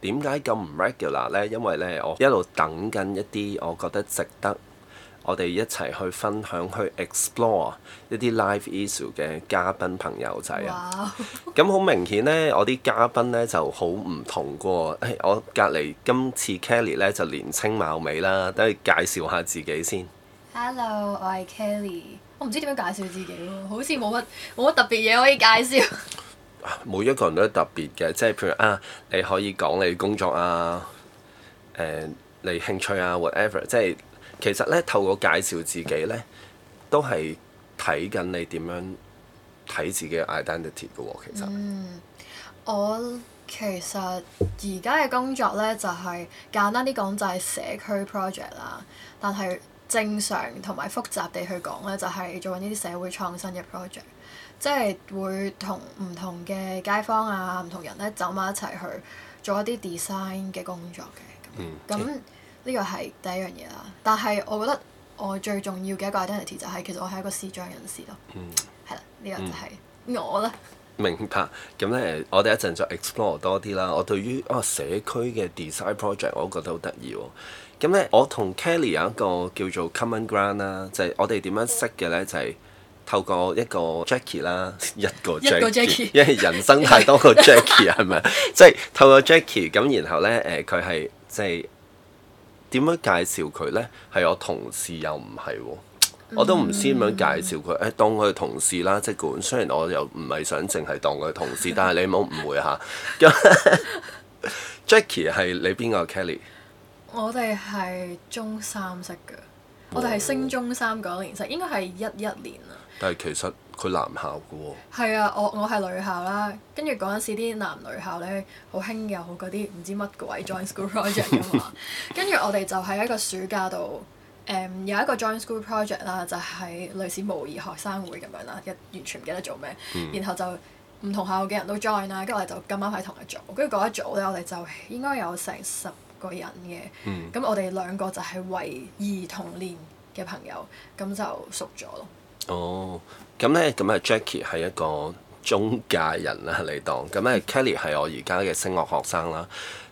點解咁唔 regular 呢？因為呢，我一路等緊一啲我覺得值得我哋一齊去分享、去 explore 一啲 live issue 嘅嘉賓朋友仔啊！咁好 Wow. 明顯呢，我啲嘉賓呢就好唔同過、哎。我隔離今次 Kelly 呢，就年青貌美啦，等佢介紹下自己先。Hello，我係 Kelly。我唔知點樣介紹自己喎，好似冇乜冇乜特別嘢可以介紹。 每一個人都係特別嘅，即係譬如啊，你可以講你工作啊，誒、啊，你興趣啊，whatever，即係其實咧透過介紹自己咧，都係睇緊你點樣睇自己嘅 identity 嘅喎、啊。其實，嗯，我其實而家嘅工作咧就係、是、簡單啲講就係社區 project 啦，但係正常同埋複雜地去講咧就係、是、做緊呢啲社會創新嘅 project。即係會同唔同嘅街坊啊，唔同人咧走埋一齊去做一啲 design 嘅工作嘅。嗯。咁呢個係第一樣嘢啦。但係我覺得我最重要嘅一個 identity 就係、是、其實我係一個時裝人士咯。嗯。係啦，呢、這個就係、是嗯、我啦呢。明白。咁咧，我哋一陣再 explore 多啲啦。我對於哦社區嘅 design project 我都覺得好得意喎。咁咧，我同 Kelly 有一個叫做 common ground 啦，就係我哋點樣識嘅咧，就係。透過一個 Jackie 啦，一個 Jackie，Jack 因為人生太多個 Jackie 係咪？ 即、就、係、是、透過 Jackie 咁，然後咧誒，佢係即係點樣介紹佢咧？係我同事又唔係、哦，我都唔知點樣介紹佢。誒、嗯欸，當佢同事啦，即管雖然我又唔係想淨係當佢同事， 但係你唔好誤會嚇、啊。 Jackie 係你邊個 Kelly？我哋係中三識㗎，我哋係升中三嗰年識，應該係一,一一年啦。但係其實佢男校嘅喎、哦。係啊，我我係女校啦，跟住嗰陣時啲男女校咧好興有嗰啲唔知乜鬼 join school project 嘅嘛，跟住我哋就喺一個暑假度誒、嗯、有一個 join school project 啦，就係、是、類似模擬學生會咁樣啦，一完全唔記得做咩、嗯，然後就唔同校嘅人都 join 啦，跟住我哋就咁啱喺同一組，跟住嗰一組咧我哋就應該有成十個人嘅，咁、嗯、我哋兩個就係唯一同年嘅朋友，咁就熟咗咯。哦，咁咧，咁啊 Jackie 係一個中介人啦，你當，咁啊 Kelly 係我而家嘅聲樂學生啦，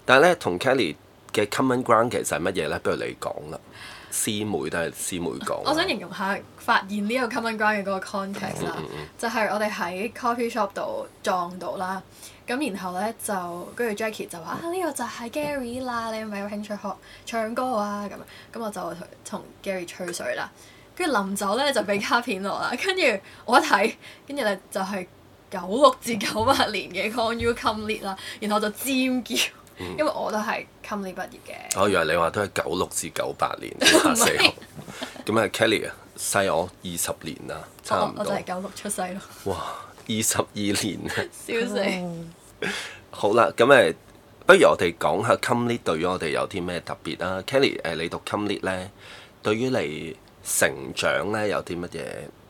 但係咧同 Kelly 嘅 common ground 其實係乜嘢咧？不如你講啦，師妹都係師妹講。我想形容下發現呢一個 common ground 嘅嗰個 context 啦、嗯嗯嗯，就係我哋喺 coffee shop 度撞到啦，咁然後咧就跟住 Jackie 就話、嗯、啊呢、呢個就係 Gary 啦，嗯、你咪有，有興趣學唱歌啊？咁咁我就同 Gary 吹水啦。跟住臨走咧就俾卡片落啦，跟住我一睇，跟住咧就係九六至九八年嘅 On You Complete 啦，然後我就尖叫，嗯、因為我都係 Complete 畢業嘅。我以為你話都係九六至九八年，九八四號。點 是 Kelly 啊？細我二十年啊，差唔多。我我就係九六出世咯。哇！二十二年啊！笑小死。 好啦，咁誒，不如我哋講下 Complete 對於我哋有啲咩特別啦？Kelly 誒，你讀 Complete 咧，對於你？成長咧有啲乜嘢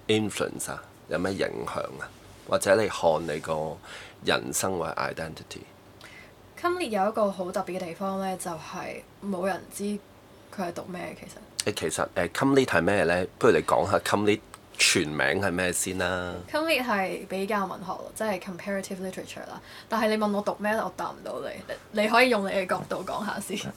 influence 啊？有咩影響啊？或者你看你個人生或 identity？Comedy 有一個好特別嘅地方咧，就係、是、冇人知佢係讀咩其實。誒其實誒 comedy 係咩咧？不如你講下 comedy 全名係咩先啦。Comedy 係比較文學，即、就、係、是、comparative literature 啦。但係你問我讀咩，我答唔到你。你可以用你嘅角度講下先。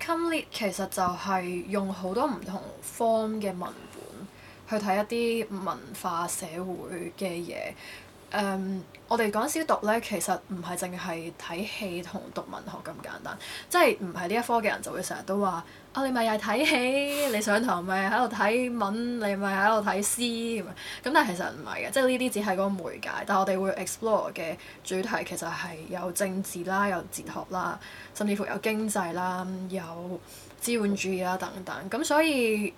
c o m p l e 其實就係用好多唔同 form 嘅文本去睇一啲文化社會嘅嘢。誒、um，我哋嗰陣時讀咧，其實唔係淨係睇戲同讀文學咁簡單，即係唔係呢一科嘅人就會成日都話。哦、啊，你咪又係睇戲，你上堂咪喺度睇文，你咪喺度睇詩，咁但係其實唔係嘅，即係呢啲只係個媒介。但係我哋會 explore 嘅主題其實係有政治啦，有哲學啦，甚至乎有經濟啦，有資本主義啦等等。咁所以，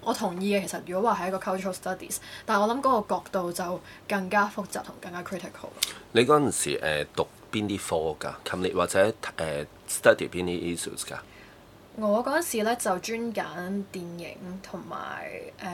我同意嘅。其實如果話係一個 cultural studies，但係我諗嗰個角度就更加複雜同更加 critical。你嗰陣時誒、呃、讀邊啲科㗎？琴你或者誒 study 邊啲 issues 㗎？我嗰陣時咧就專揀電影同埋誒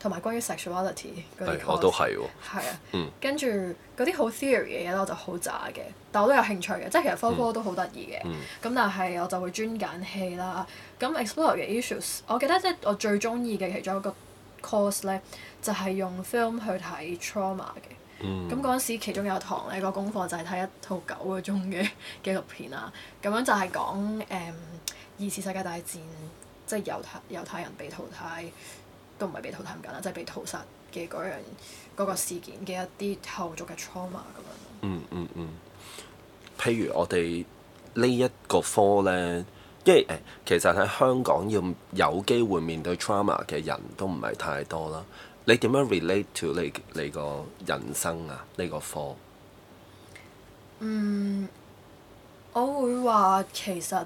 同埋關於 sexuality 嗰啲 course 我都係喎。係啊。嗯、跟住嗰啲好 theory 嘅嘢咧，我就好渣嘅，但我都有興趣嘅，即係其實科科都好得意嘅。咁、嗯、但係我就會專揀戲啦。咁 explore 嘅 issues，我記得即係我最中意嘅其中一個 course 咧，就係、是、用 film 去睇 trauma 嘅。咁嗰陣時，其中有堂咧，個功課就係睇一套九個鐘嘅紀錄片啊。咁樣就係講誒、嗯、二次世界大戰，即係猶太猶太人被淘汰，都唔係被淘汰唔緊啦，即係被屠殺嘅嗰樣嗰個事件嘅一啲後續嘅 trauma 咁樣。嗯嗯嗯。譬、嗯嗯、如我哋呢一個科咧，因為誒，其實喺香港要有機會面對 trauma 嘅人都唔係太多啦。你點樣 relate to 你你個人生啊？呢個課？嗯，我會話其實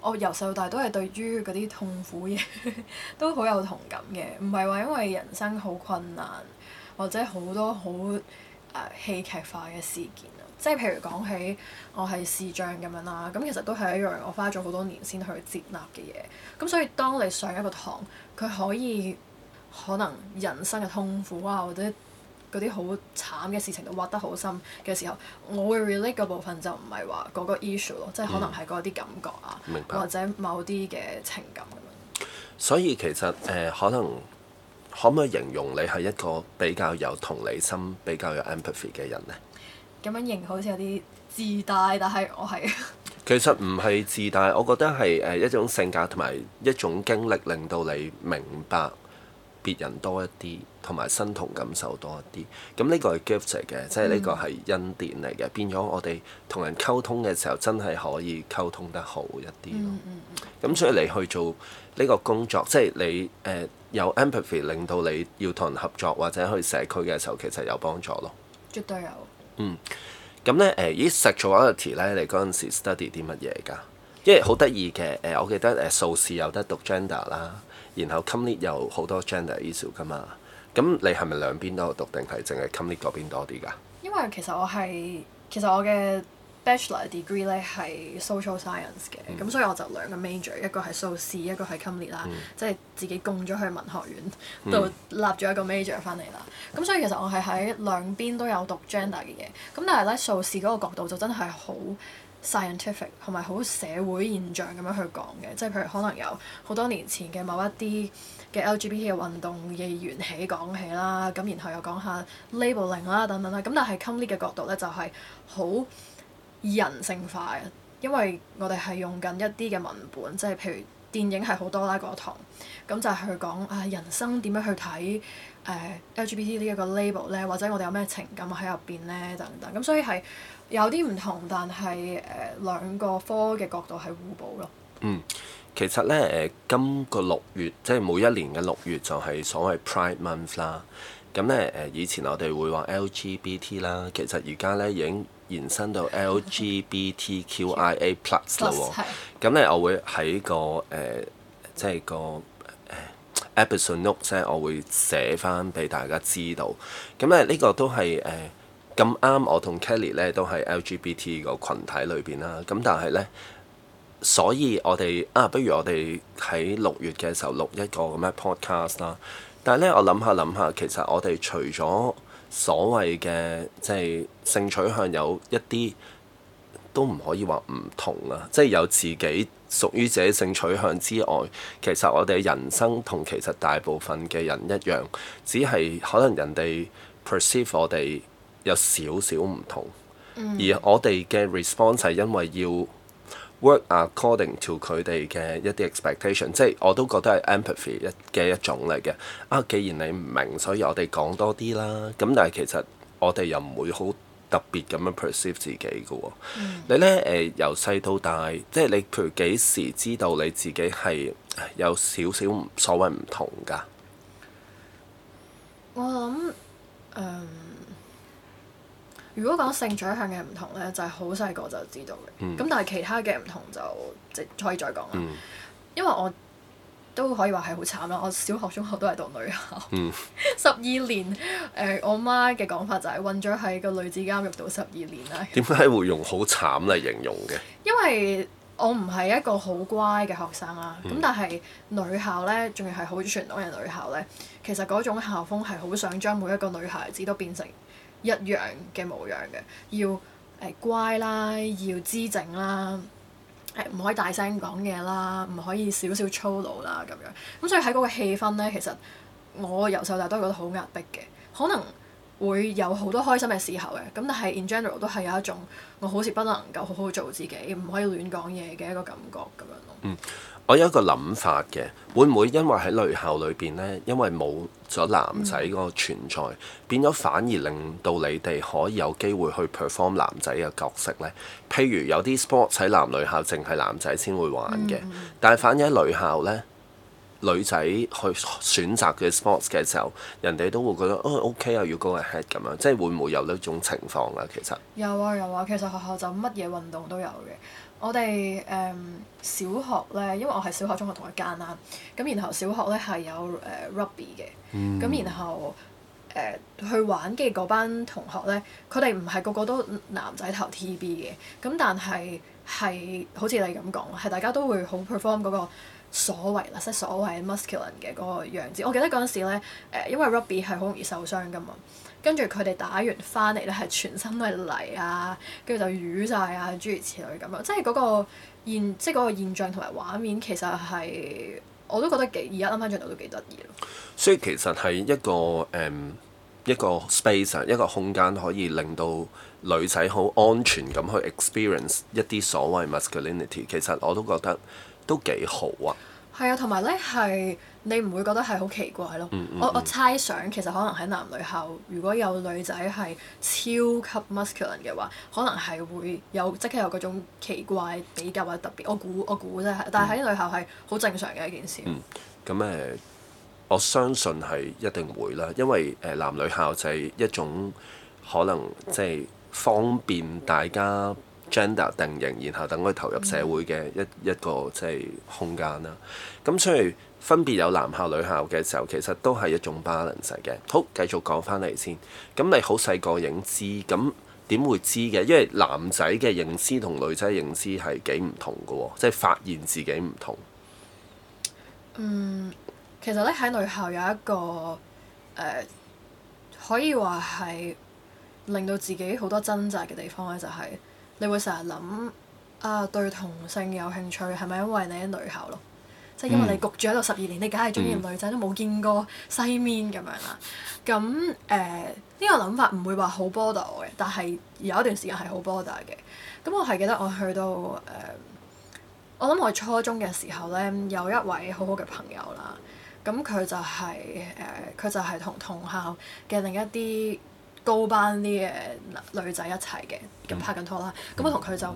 我由細到大都係對於嗰啲痛苦嘢 都好有同感嘅，唔係話因為人生好困難或者好多好誒、呃、戲劇化嘅事件，即係譬如講起我係視障咁樣啦，咁其實都係一樣，我花咗好多年先去接納嘅嘢。咁所以當你上一個堂，佢可以，可能人生嘅痛苦啊，或者嗰啲好慘嘅事情都挖得好深嘅時候，我會 relate 嘅部分就唔係話嗰個 issue 咯，嗯、即係可能係嗰啲感覺啊，明白。或者某啲嘅情感。所以其實誒、呃、可能可唔可以形容你係一個比較有同理心、比較有 empathy 嘅人咧？咁樣形容好似有啲自大，但係我係，其實唔係自大，我覺得係誒、呃、一種性格同埋一種經歷令到你明白。別人多一啲，同埋身同感受多一啲，咁、嗯、呢、嗯、個係 gift 嚟嘅，即係呢個係恩典嚟嘅，變咗我哋同人溝通嘅時候，真係可以溝通得好一啲咯。咁、嗯嗯啊、所以你去做呢個工作，即係你誒、呃、有 empathy，令到你要同人合作或者去社區嘅時候，其實有幫助咯，絕對有。嗯，咁咧誒 intersectionality 咧，你嗰陣時 study 啲乜嘢㗎？因為好得意嘅誒，我記得誒，碩士有得讀 gender 啦。然後 comedy 有好多 gender issue 㗎嘛，咁你係咪兩邊都有讀定係淨係 comedy 嗰邊多啲㗎？因為其實我係，其實我嘅 bachelor degree 咧係 social science 嘅，咁、嗯、所以我就兩個 major，一個係數士，一個係 comedy 啦，即係自己供咗去文學院度立咗一個 major 翻嚟啦。咁、嗯、所以其實我係喺兩邊都有讀 gender 嘅嘢，咁但係咧數士嗰個角度就真係好 scientific 同埋好社會現象咁樣去講嘅，即係譬如可能有好多年前嘅某一啲嘅 LGBT 嘅運動嘅源起講起啦，咁然後又講下 labeling 啦等等啦，咁但係 comedy 嘅角度咧就係、是、好人性化嘅，因為我哋係用緊一啲嘅文本，即係譬如電影係好多啦嗰堂，咁就係去講啊人生點樣去睇誒、呃、LGBT 呢一個 label 咧，或者我哋有咩情感喺入邊咧等等，咁、嗯、所以係。有啲唔同，但係誒、呃、兩個科嘅角度係互補咯。嗯，其實咧誒、呃，今個六月即係每一年嘅六月就係所謂 Pride Month 啦。咁咧誒，以前我哋會話 LGBT 啦，其實而家咧已經延伸到 LGBTQIA plus 啦。咁咧， 我會喺個誒、呃，即係個誒，Episode Note 即係我會寫翻俾大家知道。咁咧，呢、這個都係誒。呃咁啱，我同 Kelly 咧都係 LGBT 個群體裏邊啦。咁但係咧，所以我哋啊，不如我哋喺六月嘅時候錄一個咁嘅 podcast 啦。但係咧，我諗下諗下，其實我哋除咗所謂嘅即係性取向有一啲都唔可以話唔同啊，即係有自己屬於自己性取向之外，其實我哋人生同其實大部分嘅人一樣，只係可能人哋 perceive 我哋。有少少唔同，嗯、而我哋嘅 response 係因為要 work according to 佢哋嘅一啲 expectation，即係我都覺得係 empathy 一嘅一種嚟嘅。啊，既然你唔明，所以我哋講多啲啦。咁但係其實我哋又唔會好特別咁樣 perceive 自己嘅喎、哦。嗯、你咧，誒由細到大，即、就、係、是、你譬如幾時知道你自己係有少少所謂唔同㗎？我諗。嗯如果講性取向嘅唔同咧，就係好細個就知道嘅。咁、嗯、但係其他嘅唔同就即可以再講啦。嗯、因為我都可以話係好慘啦。我小學、中學都係讀女校，十二、嗯、 年誒、呃，我媽嘅講法就係韞咗喺個女子監獄度十二年啦。點解會用好慘嚟形容嘅？因為我唔係一個好乖嘅學生啦。咁、嗯、但係女校咧，仲要係好傳統嘅女校咧。其實嗰種校風係好想將每一個女孩子都變成一樣嘅模樣嘅，要誒、呃、乖啦，要姿整啦，呃、唔可以大聲講嘢啦，唔可以少少粗魯啦咁樣。咁、嗯、所以喺嗰個氣氛呢，其實我由細到大都係覺得好壓迫嘅，可能會有好多開心嘅時候嘅，咁但係 in general 都係有一種我好似不能夠好好做自己，唔可以亂講嘢嘅一個感覺咁樣咯。我有一個諗法嘅，會唔會因為喺女校裏邊呢？因為冇咗男仔個存在，mm hmm. 變咗反而令到你哋可以有機會去 perform 男仔嘅角色呢？譬如有啲 sport 喺男女校淨係男仔先會玩嘅，mm hmm. 但係反而喺女校呢，女仔去選擇嘅 sports 嘅時候，人哋都會覺得哦 OK、mm hmm. 啊，要高人 head 咁樣，即係會唔會有呢種情況啊？其實有啊有啊，其實學校就乜嘢運動都有嘅。我哋誒、嗯、小學咧，因為我係小學、中學同一間啦。咁然後小學咧係有誒、呃、rugby 嘅，咁、嗯、然後誒、呃、去玩嘅嗰班同學咧，佢哋唔係個個都男仔頭 T.B. 嘅，咁但係係好似你咁講，係大家都會好 perform 嗰個所謂啦，即、就、係、是、所謂 muscular 嘅嗰個樣子。我記得嗰陣時咧誒、呃，因為 rugby 係好容易受傷㗎嘛。跟住佢哋打完翻嚟咧，係全身嘅泥啊，跟住就淤晒啊，諸如此類咁咯。即係嗰個現，即係嗰個現象同埋畫面，其實係我都覺得幾，而家諗翻轉頭都幾得意咯。所以其實係一個誒、um，一個 space、啊、一個空間可以令到女仔好安全咁去 experience 一啲所謂 masculinity，其實我都覺得都幾好啊。係啊，同埋咧係你唔會覺得係好奇怪咯。嗯嗯、我我猜想其實可能喺男女校，如果有女仔係超級 masculine 嘅話，可能係會有即刻有嗰種奇怪比較或者特別。我估我估真係，但係喺女校係好正常嘅一件事。咁誒、嗯嗯嗯嗯，我相信係一定會啦，因為誒、呃、男女校就係一種可能，即係方便大家。gender 定型，然後等佢投入社會嘅一一個即係、嗯就是、空間啦。咁所以分別有男校女校嘅時候，其實都係一種 balance 嘅。好，繼續講翻嚟先。咁你好細個認知，咁點會知嘅？因為男仔嘅認知同女仔認知係幾唔同嘅喎、哦，即、就、係、是、發現自己唔同。嗯，其實咧喺女校有一個誒、呃，可以話係令到自己好多掙扎嘅地方咧，就係、是、～你會成日諗啊，對同性有興趣係咪因為你喺女校咯？即係因為你焗住喺度十二年，嗯、你梗係中意女仔，嗯、都冇見過西面咁樣啦。咁誒呢個諗法唔會話好 bother 我嘅，但係有一段時間係好 bother 嘅。咁我係記得我去到誒、呃，我諗我初中嘅時候咧，有一位好好嘅朋友啦。咁佢就係、是、誒，佢、呃、就係同同校嘅另一啲。高班啲嘅女仔一齊嘅咁拍緊拖啦，咁我同佢就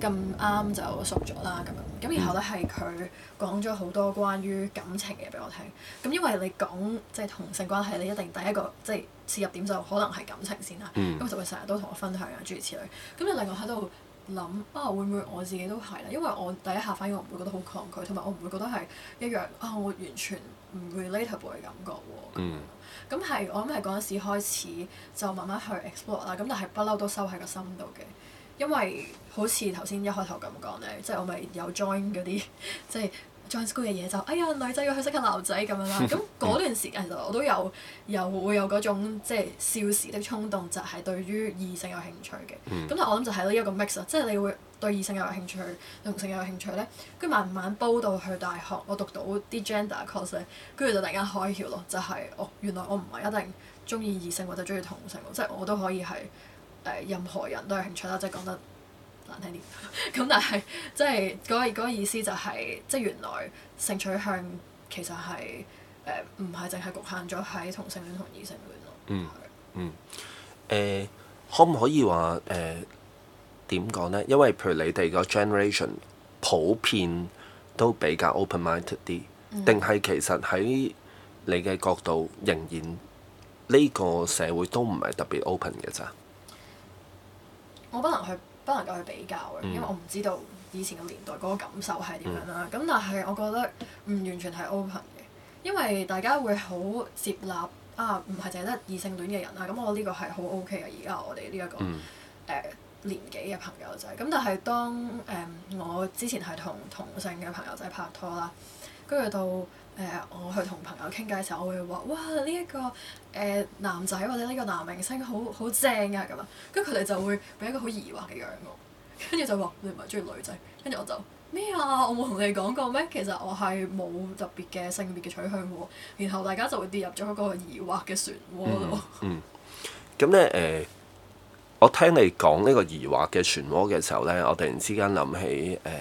咁啱就熟咗啦咁樣，咁然後咧係佢講咗好多關於感情嘅嘢俾我聽，咁因為你講即係同性關係，你一定第一個即係切入點就可能係感情先啦，咁佢、嗯、就會成日都同我分享啊諸如此類，咁就另外喺度諗啊會唔會我自己都係啦，因為我第一下反而我唔會覺得好抗拒，同埋我唔會覺得係一樣啊，我完全唔 relatable 嘅感覺喎、啊。咁係我諗係嗰陣時開始就慢慢去 explore 啦，咁但係不嬲都收喺個心度嘅，因為好似頭先一開頭咁講咧，即係我咪有 join 嗰啲即係。就是 Joint school 嘅嘢就哎呀女仔要去識下男仔咁樣啦，咁嗰 段時間其實我都有有會有嗰種即係少時的衝動，就係、是、對於異性有興趣嘅。咁、嗯、但係我諗就係咧一個 mix 即係你會對異性有興趣，同性有興趣咧，跟住慢慢煲到去大學，我讀到啲 gender course 咧，跟住就突然間開竅咯，就係、是、哦，原來我唔係一定中意異性或者中意同性，即、就、係、是、我都可以係誒、呃、任何人都有興趣啦，即係講得，難聽啲，咁 但係即係嗰、那個那個意思就係、是，即係原來性取向其實係誒唔係淨係局限咗喺同性戀同異性戀咯、嗯。嗯嗯，誒、呃、可唔可以話誒點講咧？因為譬如你哋個 generation 普遍都比較 open-minded 啲，定係、嗯、其實喺你嘅角度仍然呢個社會都唔係特別 open 嘅咋？我不能去。不能夠去比較嘅，因為我唔知道以前嘅年代嗰個感受係點樣啦。咁、嗯、但係我覺得唔完全係 open 嘅，因為大家會好接納啊，唔係淨係得異性戀嘅人啦。咁、啊嗯、我呢個係好 OK 嘅。而家我哋呢一個誒、嗯呃、年紀嘅朋友仔，咁但係當誒、嗯、我之前係同同性嘅朋友仔拍拖啦，跟住到。誒、呃，我去同朋友傾偈嘅時候，我會話：哇，呢、這、一個誒、呃、男仔或者呢個男明星好好正啊！咁樣，跟住佢哋就會俾一個好疑惑嘅樣我，跟住就話：你唔係中意女仔？跟住我就咩啊？我冇同你講過咩？其實我係冇特別嘅性別嘅取向喎。然後大家就會跌入咗嗰個疑惑嘅漩渦咯。嗯。咁咧誒，我聽你講呢個疑惑嘅漩渦嘅時候咧，我突然之間諗起誒、呃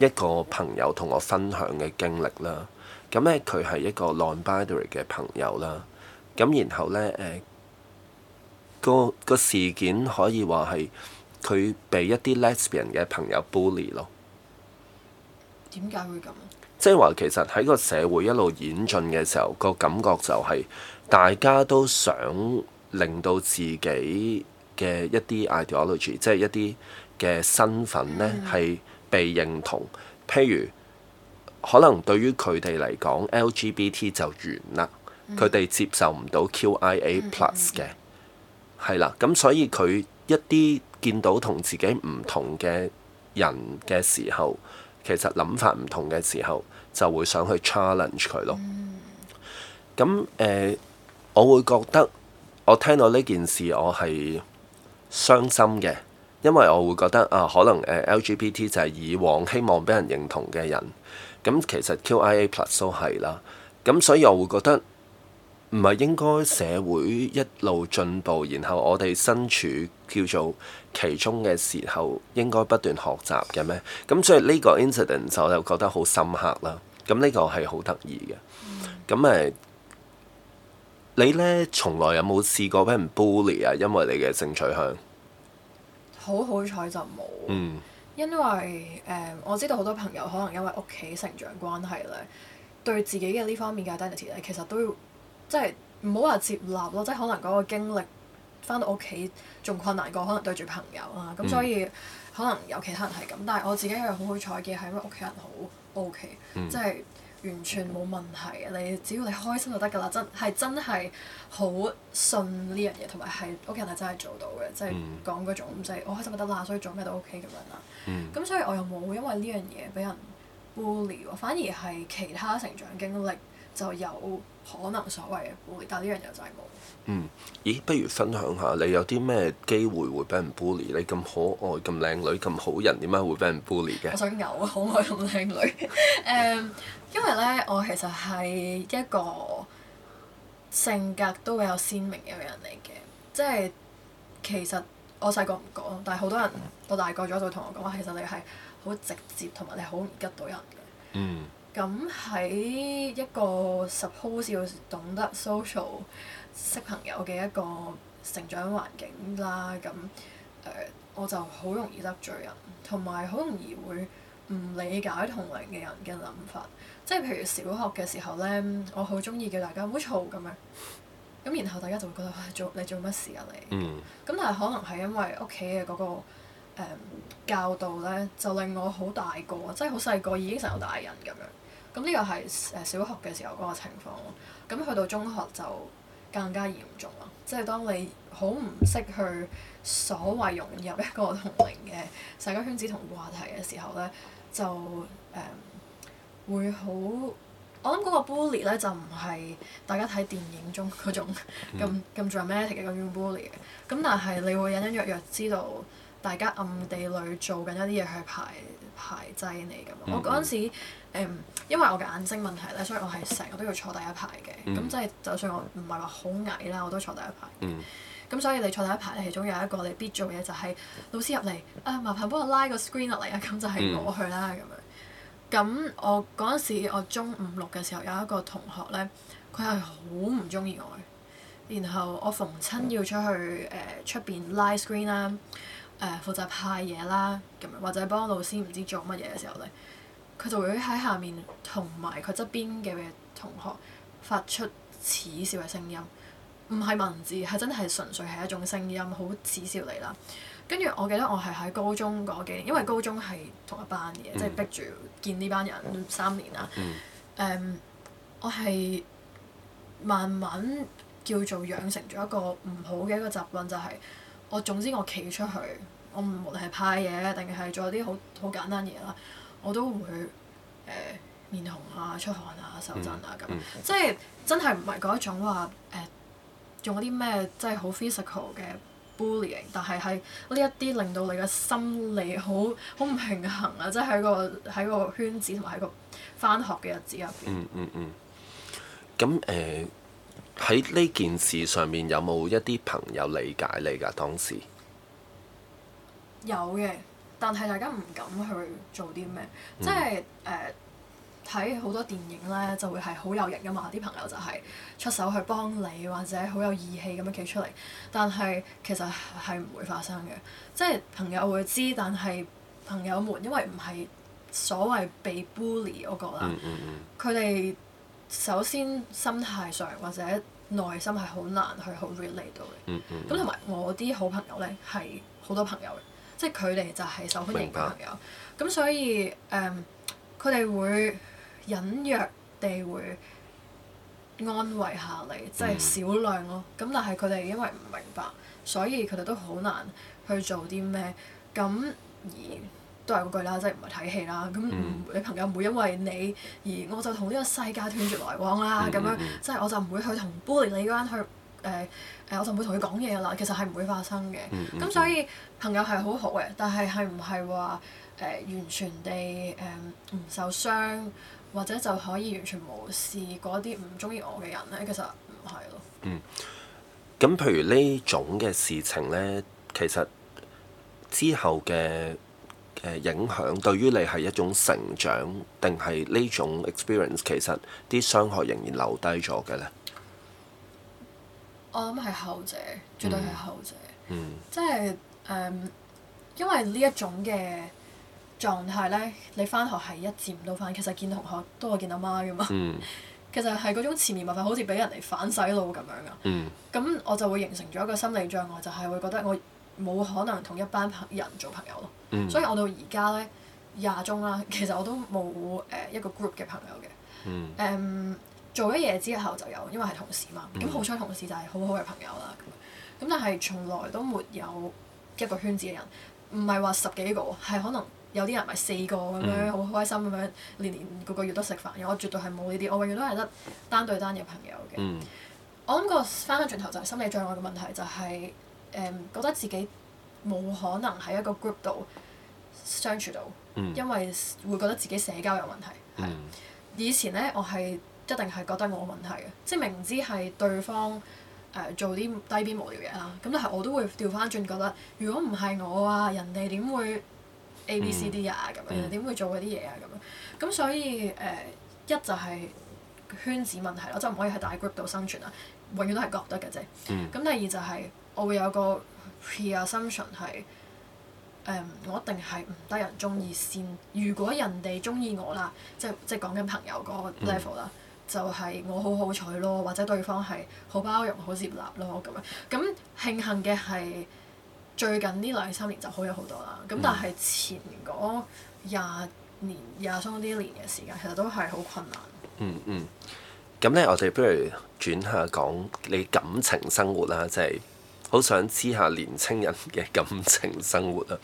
一個朋友同我分享嘅經歷啦，咁咧佢係一個 non-binary 嘅朋友啦，咁然後咧誒，個個事件可以話係佢畀一啲 lesbian 嘅朋友 bully 咯。點解會咁？即係話其實喺個社會一路演進嘅時候，個感覺就係大家都想令到自己嘅一啲 ideology，即係一啲嘅身份咧係。Mm hmm. 被認同，譬如可能對於佢哋嚟講 LGBT 就完啦，佢哋接受唔到 QIA plus 嘅，係啦，咁、mm hmm. 所以佢一啲見到同自己唔同嘅人嘅時候，其實諗法唔同嘅時候，就會想去 challenge 佢咯。咁誒、mm hmm. 呃，我會覺得我聽到呢件事，我係傷心嘅。因為我會覺得啊，可能誒 LGBT 就係以往希望俾人認同嘅人，咁其實 QIA plus 都係啦，咁所以我會覺得唔係應該社會一路進步，然後我哋身處叫做其中嘅時候應該，應該不斷學習嘅咩？咁所以呢個 incident 我就覺得好深刻啦。咁呢個係好得意嘅。咁誒，你呢，從來有冇試過俾人 bully 啊？因為你嘅性取向。好好彩就冇，嗯、因為誒、呃、我知道好多朋友可能因為屋企成長關係咧，對自己嘅呢方面嘅 identity 咧，其實都要即係唔好話接納咯，即係可能嗰個經歷返到屋企仲困難過，可能對住朋友啊，咁所以、嗯、可能有其他人係咁，但係我自己一樣好好彩嘅係因為屋企人好 OK、嗯、即係。完全冇問題嘅，你只要你開心就得㗎啦，真係真係好信呢樣嘢，同埋係屋企人係真係做到嘅，即係講嗰種即係我開心就得啦，所以做咩都 OK 咁樣啦。咁、嗯、所以我又冇因為呢樣嘢俾人 bully，反而係其他成長經歷。就有可能所謂嘅 b u 但呢樣嘢就係冇。嗯，咦？不如分享下你有啲咩機會會俾人 bully？你咁可愛、咁靚女、咁好人，點解會俾人 bully 嘅？我想講我可愛、咁靚女，誒， um, 因為咧，我其實係一個性格都比較鮮明嘅一個人嚟嘅，即係其實我細個唔講，但係好多人大我大個咗就同我講話，其實你係好直接，同埋你好唔吉到人嘅。嗯。咁喺、嗯、一個 suppose 要懂得 social 識朋友嘅一個成長環境啦，咁、啊、誒、呃、我就好容易得罪人，同埋好容易會唔理解同齡嘅人嘅諗法，即係譬如小學嘅時候咧，我好中意叫大家唔好嘈咁樣，咁然後大家就會覺得、哎、做你做乜事啊你，咁、嗯、但係可能係因為屋企嘅嗰個、嗯、教導咧，就令我好大個，即係好細個已經成個大人咁樣。嗯。咁呢個係誒小學嘅時候嗰個情況咯，咁去到中學就更加嚴重啦。即係當你好唔識去所謂融入一個同齡嘅社交圈子同話題嘅時候呢，就誒、嗯、會好。我諗嗰個 bully 呢，就唔係大家睇電影中嗰種咁咁 dramatic 嘅嗰種 bully 嘅，咁、嗯、但係你會隱隱約約知道。大家暗地裏做緊一啲嘢去排排擠你咁。Mm hmm. 我嗰陣時、嗯、因為我嘅眼睛問題咧，所以我係成日都要坐第一排嘅。咁、mm hmm. 即係就算我唔係話好矮啦，我都坐第一排。咁、mm hmm. 所以你坐第一排咧，其中有一個你必做嘅嘢就係、是、老師入嚟啊，麻煩幫我拉個 screen 落嚟啊，咁就係我去啦咁、mm hmm. 樣。咁我嗰陣時，我中五六嘅時候有一個同學咧，佢係好唔中意我，然後我逢親要出去誒出邊拉 screen 啦、啊。誒、嗯、負責派嘢啦，咁或者幫老師唔知做乜嘢嘅時候呢，佢就會喺下面同埋佢側邊嘅同學發出恥笑嘅聲音，唔係文字，係真係純粹係一種聲音，好恥笑你啦。跟住我記得我係喺高中嗰幾年，因為高中係同一班嘅，嗯、即係逼住見呢班人三年啦。誒、嗯，um, 我係慢慢叫做養成咗一個唔好嘅一個習慣，就係、是、我總之我企出去。我唔，無論係派嘢定係做啲好好簡單嘢啦，我都會、呃、面紅啊、出汗啊、手震啊咁、嗯嗯嗯呃，即係真係唔係嗰一種話誒用嗰啲咩，即係好 physical 嘅 bullying，但係係呢一啲令到你嘅心理好好唔平衡啊！即係喺個喺個圈子同埋喺個返學嘅日子入邊、嗯。嗯嗯咁誒喺呢件事上面有冇一啲朋友理解你㗎，當時？有嘅，但係大家唔敢去做啲咩，嗯、即係誒睇好多電影呢，就會係好有型㗎嘛。啲朋友就係出手去幫你，或者好有義氣咁樣企出嚟。但係其實係唔會發生嘅，即係朋友會知，但係朋友們因為唔係所謂被 bully 嗰個啦，佢哋、嗯嗯嗯、首先心態上或者內心係好難去好 really 到嘅。咁同埋我啲好朋友呢，係好多朋友即係佢哋就係受歡迎嘅朋友，咁白所以誒，佢、um, 哋會隱約地會安慰下你，即係少量咯。咁但係佢哋因為唔明白，所以佢哋都好難去做啲咩。咁而都係嗰句啦，即係唔係睇戲啦。咁、嗯、你朋友唔會因為你而我就同呢個世界斷絕來往啦。咁、嗯、樣即係、嗯、我就唔會去同 bully 你嗰間去誒。呃誒我就唔會同佢講嘢啦，其實係唔會發生嘅。咁、嗯嗯、所以朋友係好好嘅，但係係唔係話誒完全地誒唔、呃、受傷，或者就可以完全無視嗰啲唔中意我嘅人咧，其實唔係咯。嗯，咁譬如呢種嘅事情咧，其實之後嘅嘅、呃、影響對於你係一種成長，定係呢種 experience 其實啲傷害仍然留低咗嘅咧？我諗係後者，絕對係後者。嗯嗯、即係誒、嗯，因為呢一種嘅狀態呢，你翻學係一至五都翻，其實見同學都會見到媽噶嘛。嗯、其實係嗰種潛移默化，好似俾人哋反洗腦咁樣噶。咁、嗯、我就會形成咗一個心理障礙，就係、是、會覺得我冇可能同一班人做朋友咯。嗯、所以我到而家呢，廿中啦，其實我都冇誒一個 group 嘅朋友嘅。誒、嗯。嗯。做咗嘢之後就有，因為係同事嘛，咁、嗯、好彩同事就係好好嘅朋友啦。咁但係從來都沒有一個圈子嘅人，唔係話十幾個，係可能有啲人咪四個咁樣好、嗯、開心咁樣，年年個個月都食飯嘅。我絕對係冇呢啲，我永遠都係得單對單嘅朋友嘅。嗯、我諗過翻返轉頭就係心理障礙嘅問題，就係、是、誒、嗯、覺得自己冇可能喺一個 group 度相處到，嗯、因為會覺得自己社交有問題。嗯嗯、以前呢，我係。一定係覺得我問題嘅，即係明知係對方誒、呃、做啲低 b 無聊嘢啦，咁但係我都會調翻轉覺得，如果唔係我啊，人哋點會 A、B、C、D 啊咁、嗯、樣，點會做嗰啲嘢啊咁樣？咁、嗯嗯、所以誒、呃，一就係圈子問題咯，就唔可以喺大 group 度生存啦，永遠都係覺得嘅啫。咁、嗯、第二就係、是、我會有個 pre-assumption 係誒、嗯，我一定係唔得人中意先。如果人哋中意我啦，即係即係講緊朋友嗰個 level 啦、嗯。嗯就係我好好彩咯，或者對方係好包容、好接納咯咁樣。咁慶幸嘅係最近呢兩三年就好咗好多啦。咁但係前嗰廿年、廿三啲年嘅時間，其實都係好困難，嗯。嗯嗯。咁咧，我哋不如轉下講你感情生活啦，即係好想知下年輕人嘅感情生活啊！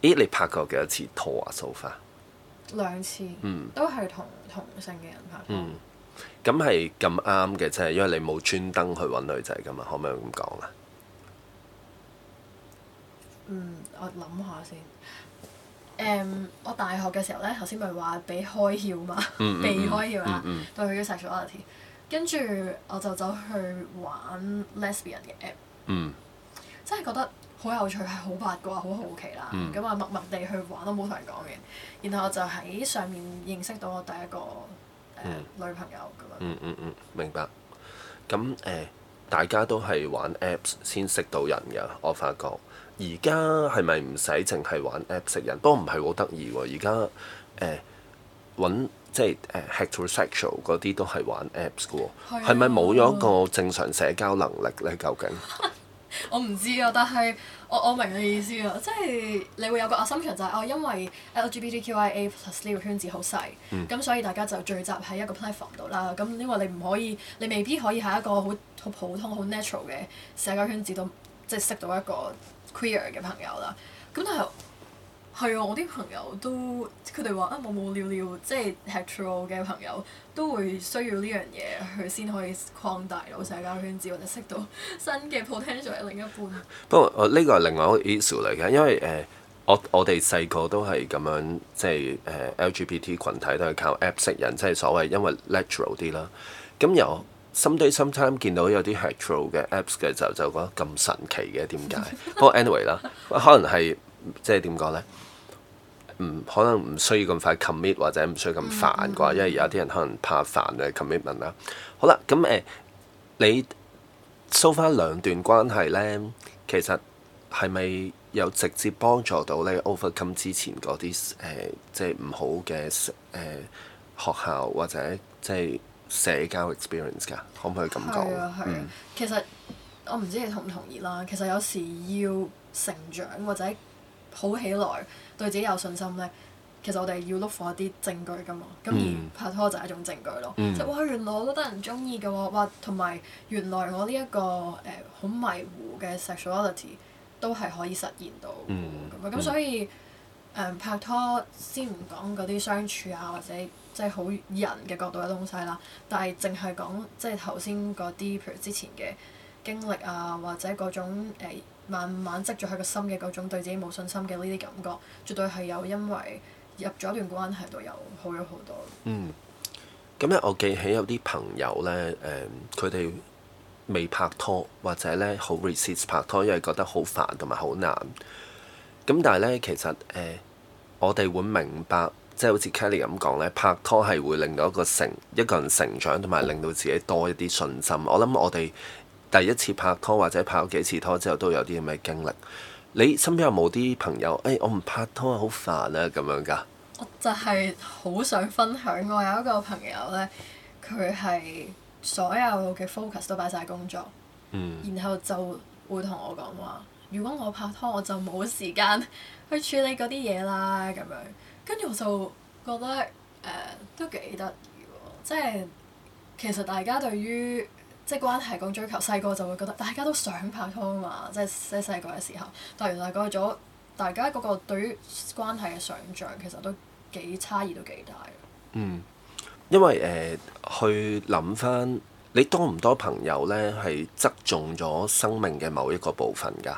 咦、欸，你拍過幾多次拖啊？蘇花？兩次。嗯。都係同同性嘅人拍拖。嗯。咁係咁啱嘅啫，因為你冇專登去搵女仔㗎嘛，可唔可以咁講啊？嗯，我諗下先。誒、嗯，我大學嘅時候咧，頭先咪話俾開竅嘛，被開竅啦，都去咗 sexuality。跟住我就走去玩 lesbian 嘅 app。嗯。真係覺得好有趣，係好八卦，好好奇啦。咁啊、嗯，默默地去玩都冇同人講嘅。然後就喺上面認識到我第一個女朋友。嗯嗯嗯，嗯，明白。咁誒、呃，大家都係玩 Apps 先識到人噶，我發覺而家係咪唔使淨係玩 Apps 識人、呃呃、都唔係好得意喎？而家誒揾即係誒 heterosexual 嗰啲都係玩 Apps 噶喎，係咪冇咗個正常社交能力咧？究竟？ 我唔知啊，但係我我明你意思啊，即係你會有個 assumption 就係、是、啊、哦，因為 LGBTQIA+ 呢個圈子好細，咁、嗯、所以大家就聚集喺一個 platform 度啦。咁因為你唔可以，你未必可以喺一個好好普通好 natural 嘅社交圈子度即係識到一個 queer 嘅朋友啦。咁但係。係啊，我啲朋友都佢哋話啊冇冇聊聊，即係 hetero 嘅朋友都會需要呢樣嘢，佢先可以擴大到社交圈子或者識到新嘅 potential 另一半。不過呢、哦這個係另外一個 issue 嚟嘅，因為誒、呃、我我哋細個都係咁樣，即係誒、呃、LGBT 群體都係靠 Apps 識人，即係所謂因為 natural 啲啦。咁由 some day sometime 見到有啲 hetero 嘅 Apps 嘅時候就覺得咁神奇嘅點解？ 不過 anyway 啦，可能係即係點講咧？唔可能唔需要咁快 commit 或者唔需要咁煩啩、嗯，因為有啲人可能怕煩嘅 commitment 啦、嗯。好啦，咁誒、呃，你 show 翻、so、兩段關係咧，其實係咪有直接幫助到你 overcome 之前嗰啲誒即係唔好嘅誒、呃、學校或者即係社交 experience 噶？可唔可以咁講？係、啊啊嗯、其實我唔知你同唔同意啦。其實有時要成長或者好起來。對自己有信心咧，其實我哋要 look for 一啲證據噶嘛，咁、嗯、而拍拖就係一種證據咯。即係、嗯就是、哇，原來我都得人中意嘅喎，哇！同埋原來我呢、這、一個誒好、呃、迷糊嘅 sexuality 都係可以實現到咁、嗯嗯、所以、呃、拍拖先唔講嗰啲相處啊，或者即係好人嘅角度嘅東西啦，但係淨係講即係頭先嗰啲，譬如之前嘅經歷啊，或者嗰種、呃慢慢積喺佢個心嘅嗰種對自己冇信心嘅呢啲感覺，絕對係有，因為入咗一段關係度有好咗好多，嗯。嗯，咁咧我記起有啲朋友咧，誒佢哋未拍拖或者咧好 resist 拍拖，因為覺得好煩同埋好難。咁但係咧，其實誒、嗯，我哋會明白，即、就、係、是、好似 Kelly 咁講咧，拍拖係會令到一個成一個人成長，同埋令到自己多一啲信心。我諗我哋。第一次拍拖或者拍咗幾次拖之後都有啲咁嘅經歷。你身邊有冇啲朋友？誒、哎，我唔拍拖啊，好煩啊，咁樣㗎。我就係好想分享，我有一個朋友呢，佢係所有嘅 focus 都擺晒工作，嗯、然後就會同我講話：如果我拍拖，我就冇時間去處理嗰啲嘢啦。咁樣跟住我就覺得、呃、都幾得意喎！即係其實大家對於。即係關係講追求，細個就會覺得大家都想拍拖啊嘛！即係細細個嘅時候，但原來大個咗，大家嗰個對於關係嘅想像，其實都幾差異都幾大。嗯，因為誒、呃，去諗翻你多唔多朋友呢？係側重咗生命嘅某一個部分㗎。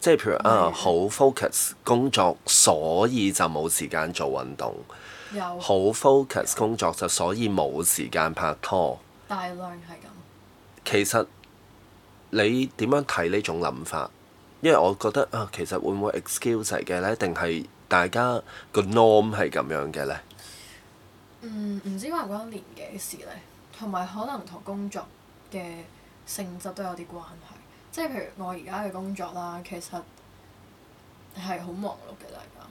即係譬如的啊，好 focus 工作，所以就冇時間做運動。好有 focus 工作就所以冇時間拍拖。大量係咁。其實你點樣睇呢種諗法？因為我覺得啊，其實會唔會 excuse 嘅呢？定係大家個 norm 係咁樣嘅呢？嗯，唔知話講年紀事呢，同埋可能同工作嘅性質都有啲關係。即係譬如我而家嘅工作啦，其實係好忙碌嘅，大家。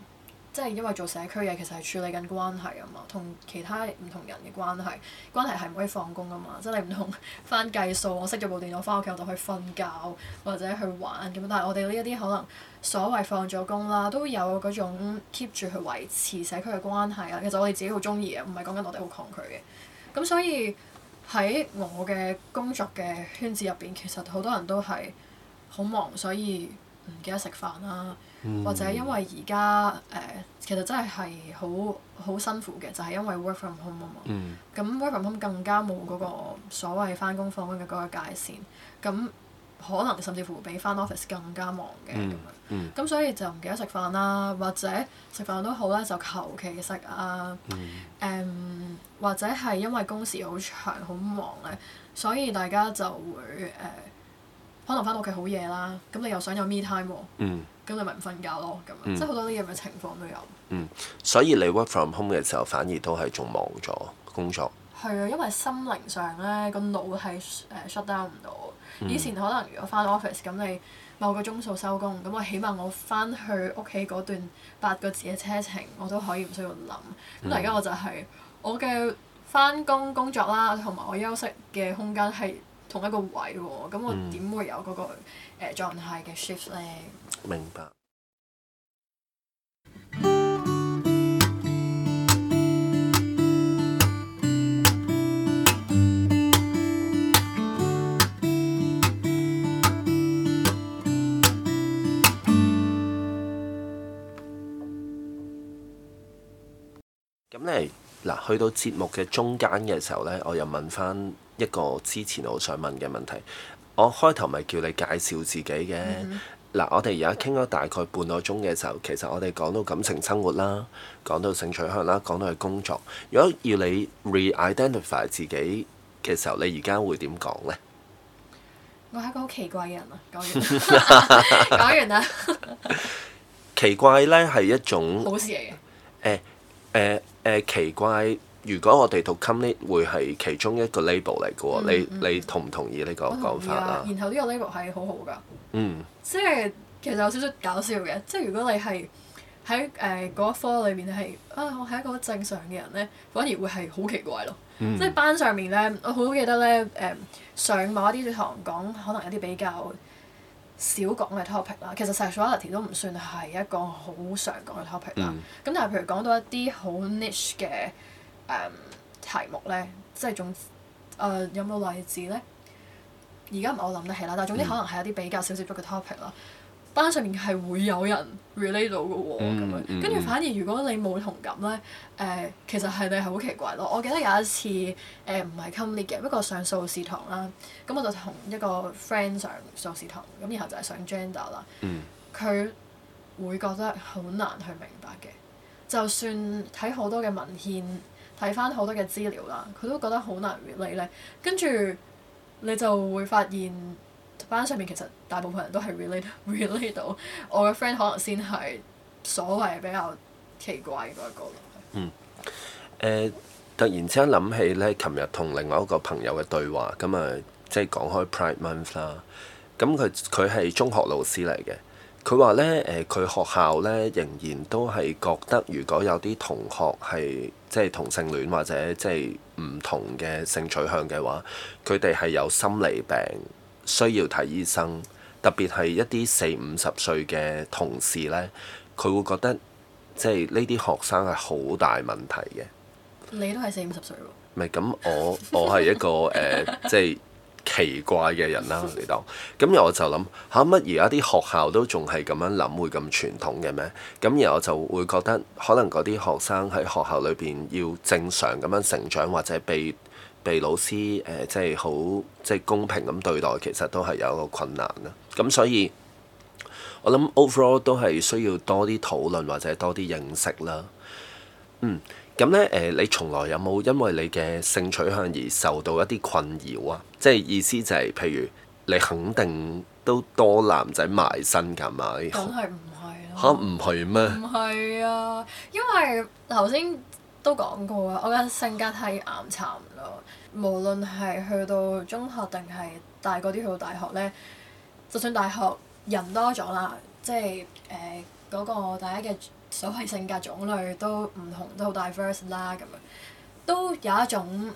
即係因為做社區嘢，其實係處理緊關係啊嘛，同其他唔同人嘅關係，關係係唔可以放工噶嘛。即係你唔同翻計數，我熄咗部電腦，翻屋企我就可以去瞓覺或者去玩咁。但係我哋呢一啲可能所謂放咗工啦，都有嗰種 keep 住去維持社區嘅關係啊。其實我哋自己好中意嘅，唔係講緊我哋好抗拒嘅。咁所以喺我嘅工作嘅圈子入邊，其實好多人都係好忙，所以唔記得食飯啦。嗯、或者因為而家誒，其實真係係好好辛苦嘅，就係、是、因為 work from home 啊嘛。咁、嗯嗯、work from home 更加冇嗰個所謂翻工放工嘅嗰個界線，咁可能甚至乎比翻 office 更加忙嘅咁、嗯嗯、所以就唔記得食飯啦，或者食飯都好啦，就求其食啊。誒、嗯嗯，或者係因為工時好長好忙咧，所以大家就會誒、呃，可能翻到屋企好夜啦。咁你又想有 me time 喎、喔？嗯咁你咪唔瞓覺咯，咁樣、嗯、即係好多啲咁嘅情況都有。嗯，所以你 work from home 嘅時候，反而都係仲忙咗工作。係啊，因為心靈上咧，個腦係誒 shutdown 唔到。以前可能如果翻 office 咁你某個鐘數收工咁，咁我起碼我翻去屋企嗰段八個字嘅車程，我都可以唔需要諗。咁而家我就係、是嗯、我嘅翻工工作啦，同埋我休息嘅空間係。同一個位㗎，咁我點會有嗰個誒狀態嘅 shift 咧？明白。嗱，去到節目嘅中間嘅時候呢，我又問翻一個之前我想問嘅問題。我開頭咪叫你介紹自己嘅。嗱、mm hmm.，我哋而家傾咗大概半個鐘嘅時，時候，其實我哋講到感情生活啦，講到性取向啦，講到係工作。如果要你 reidentify 自己嘅時候，你而家會點講呢？我係一個好奇怪嘅人啊！講完，講 完啦了。 奇怪呢係一種冇事嚟嘅。誒誒。誒奇怪，如果我哋讀 comedy 會係其中一個 label 嚟嘅喎，你你同唔同意呢個講法啊？然後呢個 label 係好好㗎。嗯。即係其實有少少搞笑嘅，即係如果你係喺誒嗰一科裏面係啊，我係一個正常嘅人咧，反而會係好奇怪咯。嗯、即係班上面咧，我好記得咧誒、呃，上某一啲堂講，可能有啲比較少講嘅 topic 啦，其實 sexuality 都唔算係一個好常講嘅 topic 啦。咁、嗯、但係譬如講到一啲好 niche 嘅誒、嗯、題目咧，即係總誒、呃、有冇例子咧？而家唔係我諗得起啦，但係總之可能係一啲比較少接觸嘅 topic 啦。嗯嗯班上面係會有人 relate 到嘅喎、哦，咁、嗯、樣跟住、嗯、反而如果你冇同感咧，誒、嗯呃、其實係你係好奇怪咯。我記得有一次誒唔係 c o m e l y 不過上授氏堂啦，咁我就同一個 friend 上授氏堂，咁然後就係上 gender 啦，佢、嗯、會覺得好難去明白嘅，就算睇好多嘅文獻，睇翻好多嘅資料啦，佢都覺得好難 relate，跟住你就會發現。班上面其實大部分人都係 relate，relate rel 到我嘅 friend 可能先係所謂比較奇怪嘅嗰一個咯。嗯。誒、呃，突然之間諗起咧，琴日同另外一個朋友嘅對話，咁啊，即係講開 Pride Month 啦。咁佢佢係中學老師嚟嘅，佢話咧誒，佢、呃、學校咧仍然都係覺得，如果有啲同學係即係同性戀或者即係唔同嘅性取向嘅話，佢哋係有心理病。需要睇醫生，特別係一啲四五十歲嘅同事呢，佢會覺得即係呢啲學生係好大問題嘅。你都係四五十歲喎？咪咁我我係一個誒、 呃，即係奇怪嘅人啦你當。咁然後我就諗嚇乜而家啲學校都仲係咁樣諗會咁傳統嘅咩？咁然後我就會覺得可能嗰啲學生喺學校裏邊要正常咁樣成長或者被。被老師誒即係好即係公平咁對待，其實都係有一個困難啦。咁所以，我諗 overall 都係需要多啲討論或者多啲認識啦。嗯，咁咧誒，你從來有冇因為你嘅性取向而受到一啲困擾啊？即係意思就係、是，譬如你肯定都多男仔埋身㗎，係咪？梗係唔係啦？唔係咩？唔係啊，因為頭先都講過啊，我嘅性格太鹹殘啦。無論係去到中學定係大個啲去到大學呢，就算大學人多咗啦，即係誒嗰個大家嘅所謂性格種類都唔同，都好 diverse 啦咁樣，都有一種。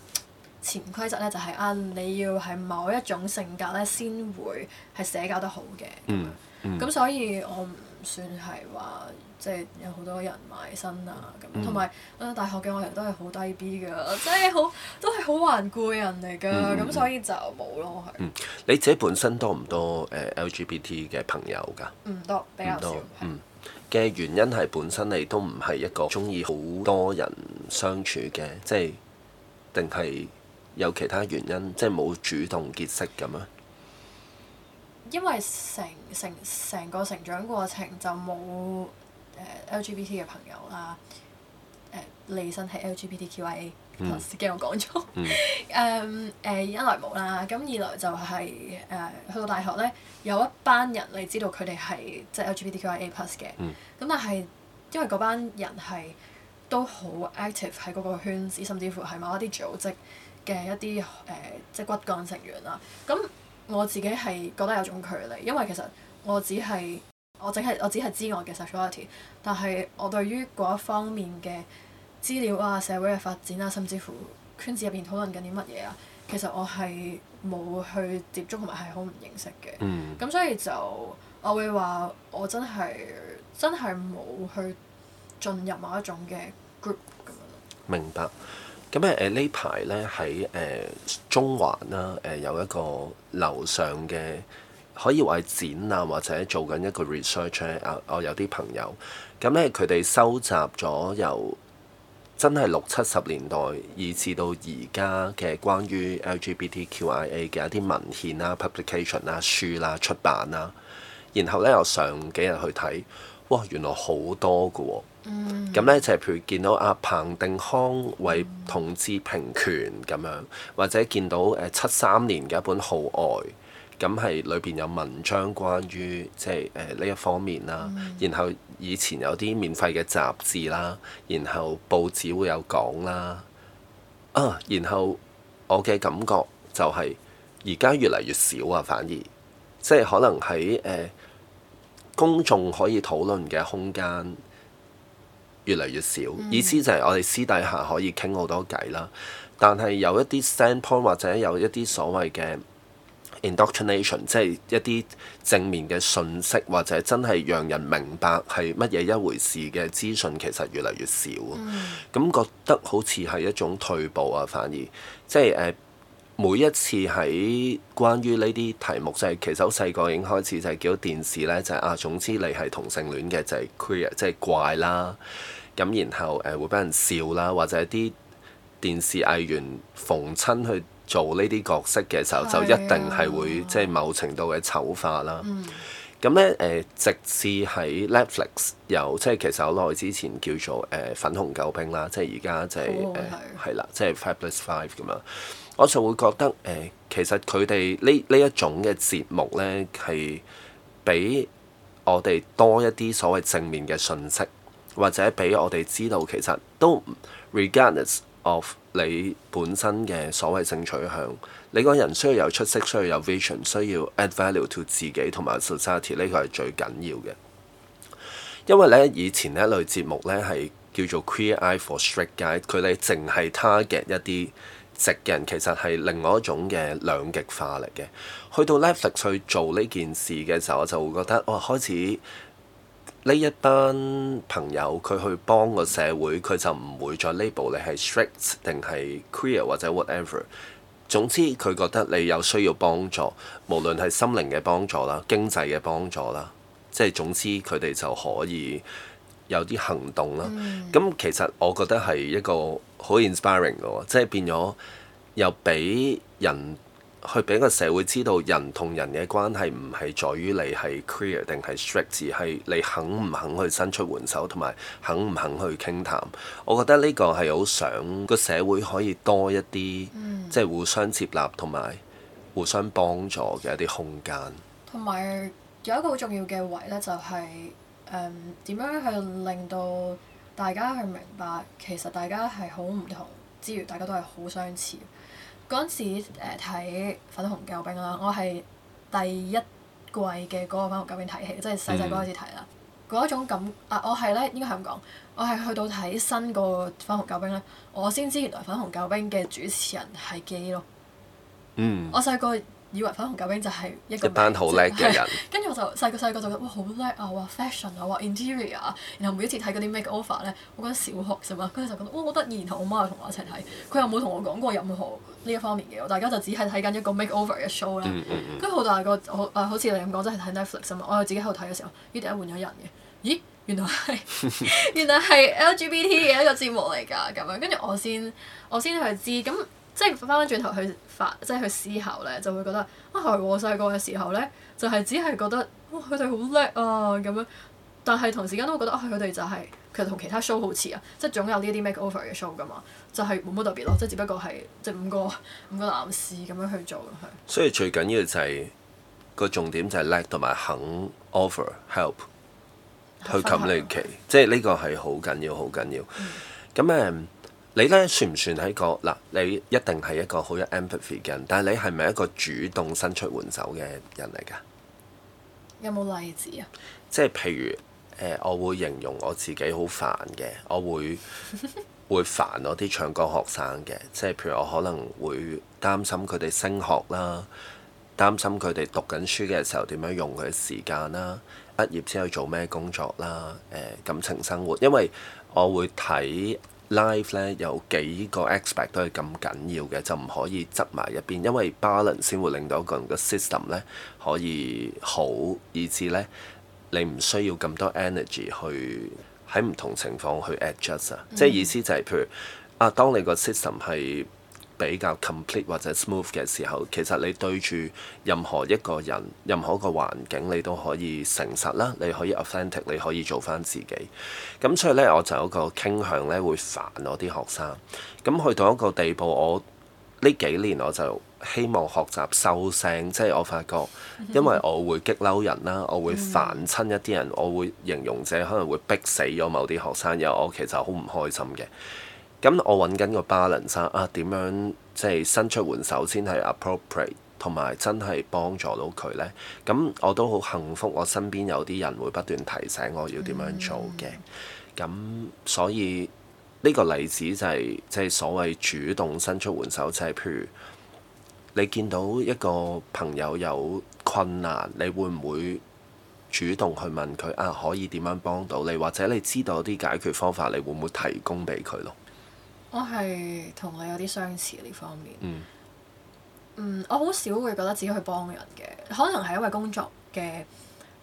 潛規則咧就係啊，你要係某一種性格咧，先會係社交得好嘅、嗯。嗯。咁所以我唔算係話，即、就、係、是、有好多人埋身啊咁。同埋啊，大學嘅我人都係好低 B 噶，即係好都係好頑固嘅人嚟㗎。咁、嗯、所以就冇咯，係、嗯。你自己本身多唔多誒 LGBT 嘅朋友㗎？唔多，比較少。多是嗯。嘅原因係本身你都唔係一個中意好多人相處嘅，即係定係？有其他原因，即係冇主動結識咁樣。因為成成成個成長過程就冇誒 LGBT 嘅朋友啦。誒、呃，離身係 LGBTQIA，驚我講錯。一來冇啦，咁二來就係誒去到大學咧，有一班人你知道佢哋係即係 LGBTQIA plus 嘅，咁、嗯、但係因為嗰班人係都好 active 喺嗰個圈子，甚至乎係某一啲組織。嘅一啲誒、呃、即骨幹成員啦，咁我自己係覺得有種距離，因為其實我只係我只係我只係知我嘅 sexuality，但係我對於嗰一方面嘅資料啊、社會嘅發展啊，甚至乎圈子入邊討論緊啲乜嘢啊，其實我係冇去接觸同埋係好唔認識嘅，咁、嗯、所以就我會話我真係真係冇去進入某一種嘅 group 咁樣。明白。咁咧，誒，呢排咧，喺誒中環啦，誒有一個樓上嘅，可以話係展覽或者做緊一個 research 啊，我有啲朋友咁咧，佢哋收集咗由真係六七十年代以至到而家嘅關於 LGBTQIA 嘅一啲文獻啦、publication 啦、書啦、出版啦，然後咧又上幾日去睇，哇原來好多㗎喎！咁咧、嗯、就係譬如見到阿彭定康為同志平權咁樣，嗯、或者見到誒七三年嘅一本號外，咁係裏邊有文章關於即係誒呢一方面啦。嗯、然後以前有啲免費嘅雜誌啦，然後報紙會有講啦。啊，然後我嘅感覺就係而家越嚟越少啊，反而即係、就是、可能喺誒、呃、公眾可以討論嘅空間。越嚟越少，意思就係我哋私底下可以傾好多偈啦，但係有一啲 standpoint 或者有一啲所謂嘅 indoctrination 即係一啲正面嘅信息，或者真係讓人明白係乜嘢一回事嘅資訊，其實越嚟越少，咁覺得好似係一種退步啊，反而即係、啊、誒。每一次喺關於呢啲題目，就係、是、其實好細個已經開始就係叫電視咧，就係、是、啊，總之你係同性戀嘅就係、是、queer，即係怪啦。咁然後誒、呃、會俾人笑啦，或者啲電視藝員逢親去做呢啲角色嘅時候，就一定係會即係、就是、某程度嘅醜化啦。咁咧誒，直至喺 Netflix 有即係其實好耐之前叫做誒、呃、粉紅救兵啦，即係而家就係誒係啦，即係 Five Plus Five 咁樣。我就會覺得誒、呃，其實佢哋呢呢一種嘅節目呢，係俾我哋多一啲所謂正面嘅信息，或者俾我哋知道其實都 regardless of 你本身嘅所謂性取向，你個人需要有出色，需要有 vision，需要 add value to 自己同埋 society，呢個係最緊要嘅。因為呢以前呢類節目呢，係叫做 Queer Eye for Straight Guy，佢哋淨係 target 一啲。直嘅人其實係另外一種嘅兩極化嚟嘅。去到 Netflix 去做呢件事嘅時候，我就會覺得哇、哦，開始呢一班朋友佢去幫個社會，佢就唔會再 label 你係 straight 定係 queer 或者 whatever。總之佢覺得你有需要幫助，無論係心靈嘅幫助啦、經濟嘅幫助啦，即係總之佢哋就可以有啲行動啦。咁其實我覺得係一個。好 inspiring 嘅喎，即係變咗又俾人去俾個社會知道，人同人嘅關係唔係在於你係 queer 定係 strict 字，係、er，你肯唔肯去伸出援手，同埋肯唔肯去傾談，談。我覺得呢個係好想個社會可以多一啲，嗯、即係互相接納同埋互相幫助嘅一啲空間。同埋有，有一個好重要嘅位咧，就係誒點樣去令到。大家去明白，其實大家係好唔同之餘，大家都係好相似。嗰陣時睇、呃、粉紅救兵啦，我係第一季嘅嗰個粉紅救兵睇戲，即係細細個開始睇啦。嗰一、嗯、種感啊，我係咧應該係咁講，我係去到睇新個粉紅救兵咧，我先知原來粉紅救兵嘅主持人係基佬。嗯、我細個。以為粉紅救兵就係一個班好叻嘅人，跟住我就細個細個就覺得哇好叻啊，哇 fashion 啊，哇 interior 啊，然後每一次睇嗰啲 makeover 咧，我覺得小學啫嘛，跟住就覺得哇好得意，然後我媽又同我一齊睇，佢又冇同我講過任何呢一方面嘅，大家就只係睇緊一個 makeover 嘅 show 啦、嗯，跟住好大個我、啊、好似你咁講，真係睇 Netflix 啊嘛，我又自己喺度睇嘅時候，依家換咗人嘅，咦原來係 原來係 LGBT 嘅一個節目嚟㗎，咁樣跟住我先我先去知咁。即係翻返轉頭去發，即係去思考咧，就會覺得啊，係我細個嘅時候咧，就係、是、只係覺得哇，佢哋好叻啊咁樣。但係同時間都會覺得啊，佢哋就係、是、其實同其他 show 好似、就是、啊，即係總有呢啲 makeover 嘅 show 噶嘛，就係冇乜特別咯，即係只不過係即係五個五個男士咁樣去做佢。所以最緊要就係個重點就係叻同埋肯 offer help 去勤你期，即係呢個係好緊要好緊要。咁誒。嗯你咧算唔算係一個？嗱，你一定係一個好有 empathy 嘅人，但係你係咪一個主動伸出援手嘅人嚟㗎？有冇例子啊？即係譬如誒、呃，我會形容我自己好煩嘅，我會 會煩我啲唱歌學生嘅，即係譬如我可能會擔心佢哋升學啦，擔心佢哋讀緊書嘅時候點樣用佢嘅時間啦，畢業之後做咩工作啦，誒、呃、感情生活，因為我會睇。life 咧有幾個 aspect 都係咁緊要嘅，就唔可以執埋入邊，因為 balance 先會令到一個人嘅 system 咧可以好，以致咧你唔需要咁多 energy 去喺唔同情況去 adjust 啊、嗯。即係意思就係、是、譬如啊，當你個 system 係。比較 complete 或者 smooth 嘅時候，其實你對住任何一個人，任何一個環境，你都可以誠實啦，你可以 authentic，你可以做翻自己。咁所以咧，我就有個傾向咧，會煩我啲學生。咁去到一個地步，我呢幾年我就希望學習收聲，即係我發覺，因為我會激嬲人啦，mm hmm. 我會煩親一啲人，我會形容者可能會逼死咗某啲學生，有我其實好唔開心嘅。咁我揾緊個 balance 啊，點樣即係、即係、伸出援手先係 appropriate，同埋真係幫助到佢呢。咁我都好幸福，我身邊有啲人會不斷提醒我要點樣做嘅。咁、嗯、所以呢、呢個例子就係即係所謂主動伸出援手，就係、係、譬如你見到一個朋友有困難，你會唔會主動去問佢啊？可以點樣幫到你？或者你知道啲解決方法，你會唔會提供俾佢咯？我係同你有啲相似呢方面。嗯，嗯。我好少會覺得自己去幫人嘅，可能係因為工作嘅誒、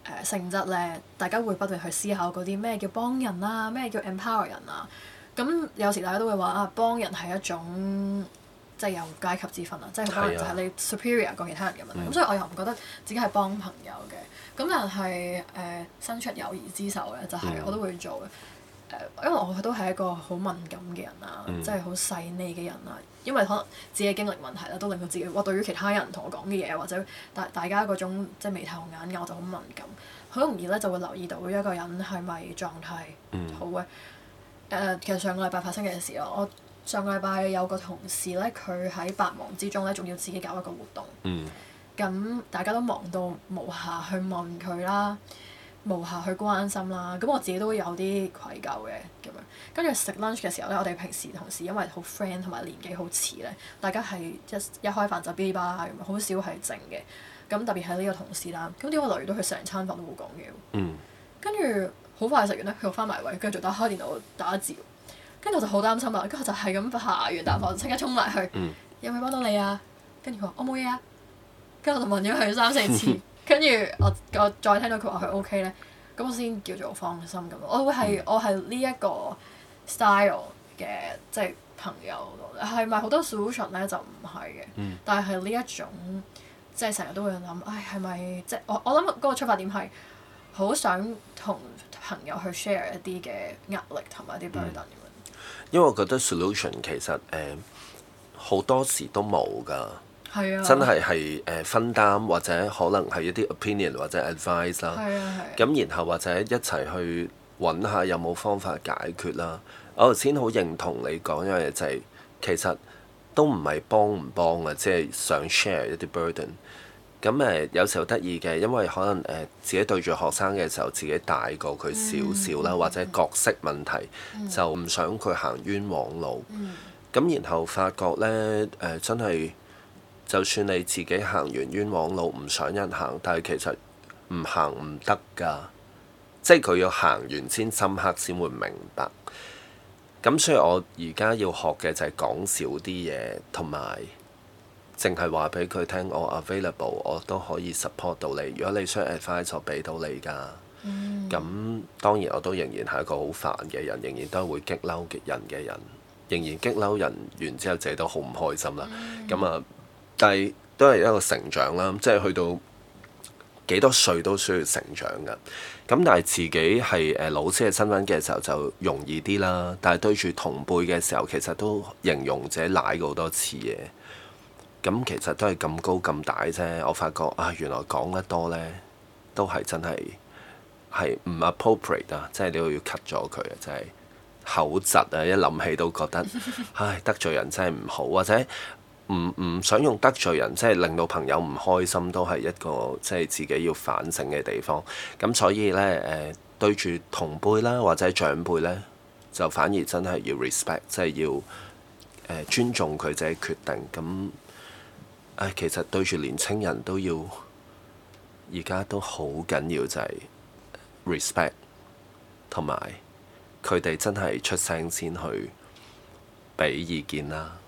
呃、性質咧，大家會不斷去思考嗰啲咩叫幫人啊，咩叫 empower 人啊。咁有時大家都會話啊，幫人係一種即係有階級之分啊，即係可能就係你 superior 過其他人嘅問題。咁、嗯、所以我又唔覺得自己係幫朋友嘅。咁但係誒、呃，伸出友誼之手嘅，就係、是、我都會做嘅。嗯。因為我都係一個好敏感嘅人啊，嗯、即係好細膩嘅人啊。因為可能自己嘅經歷問題啦，都令到自己，哇對於其他人同我講嘅嘢，或者大大家嗰種即係眉頭眼眼，我就好敏感，好容易咧就會留意到一個人係咪狀態好嘅。誒、嗯呃，其實上個禮拜發生嘅事咯，我上個禮拜有個同事咧，佢喺百忙之中咧，仲要自己搞一個活動。嗯。咁大家都忙到無暇去問佢啦。無暇去關心啦，咁我自己都有啲愧疚嘅咁樣。跟住食 lunch 嘅時候咧，我哋平時同事因為好 friend 同埋年紀好似咧，大家係一一開飯就嗶哩吧啦咁，好少係靜嘅。咁特別係呢個同事啦，咁點解我留意到佢成餐飯都冇講嘢？跟住好快食完咧，佢又翻埋位，跟住就打開電腦打字。跟住我就好擔心啦，跟住我就係咁扒完啖飯，即刻衝埋去。嗯。有冇幫到你啊？跟住佢話：我冇嘢啊。跟住我就問咗佢三四次。跟住我我再聽到佢話佢 OK 咧，咁我先叫做放心咁。我會係、嗯、我係呢一個 style 嘅即係朋友，係咪好多 solution 咧就唔係嘅？嗯、但係呢一種即係成日都會諗，唉係咪即係我我諗嗰個出發點係好想同朋友去 share 一啲嘅壓力同埋一啲 burden、嗯。咁樣。因為我覺得 solution 其實誒好、呃、多時都冇㗎。啊、真係係誒分擔或者可能係一啲 opinion 或者 advice 啦、啊。咁、啊、然後或者一齊去揾下有冇方法解決啦。啊啊、我頭先好認同你講一樣嘢就係、係、其實都唔係幫唔幫嘅，即係想 share 一啲 burden。咁誒有時候得意嘅，因為可能誒自己對住學生嘅時候，自己大過佢少少啦，嗯、或者角色問題、嗯、就唔想佢行冤枉路。咁、嗯、然後發覺呢，誒真係～就算你自己行完冤枉路，唔想人行，但係其實唔行唔得㗎，即係佢要行完先深刻，先會明白。咁所以我而家要學嘅就係講少啲嘢，同埋淨係話俾佢聽我 available，我都可以 support 到你。如果你想要 advice 就俾到你㗎。咁、mm. 當然我都仍然係一個好煩嘅人，仍然都會激嬲人嘅人，仍然激嬲人完之後自己都好唔開心啦。咁、mm. 啊～但係都係一個成長啦，即係去到幾多歲都需要成長㗎。咁但係自己係誒老師嘅身份嘅時候就容易啲啦。但係對住同輩嘅時候，其實都形容自己拉過好多次嘢。咁其實都係咁高咁大啫。我發覺啊，原來講得多呢都係真係係唔 appropriate 啊！即係你要要 cut 咗佢啊，真係口窒啊！一諗起都覺得唉得罪人真係唔好，或者～唔唔、嗯、想用得罪人，即係令到朋友唔開心，都係一個即係自己要反省嘅地方。咁所以呢，誒、呃、對住同輩啦，或者長輩呢，就反而真係要 respect，即係要、呃、尊重佢自己決定。咁、哎、其實對住年青人都要，而家都好緊要，就係、是、respect 同埋佢哋真係出聲先去俾意見啦。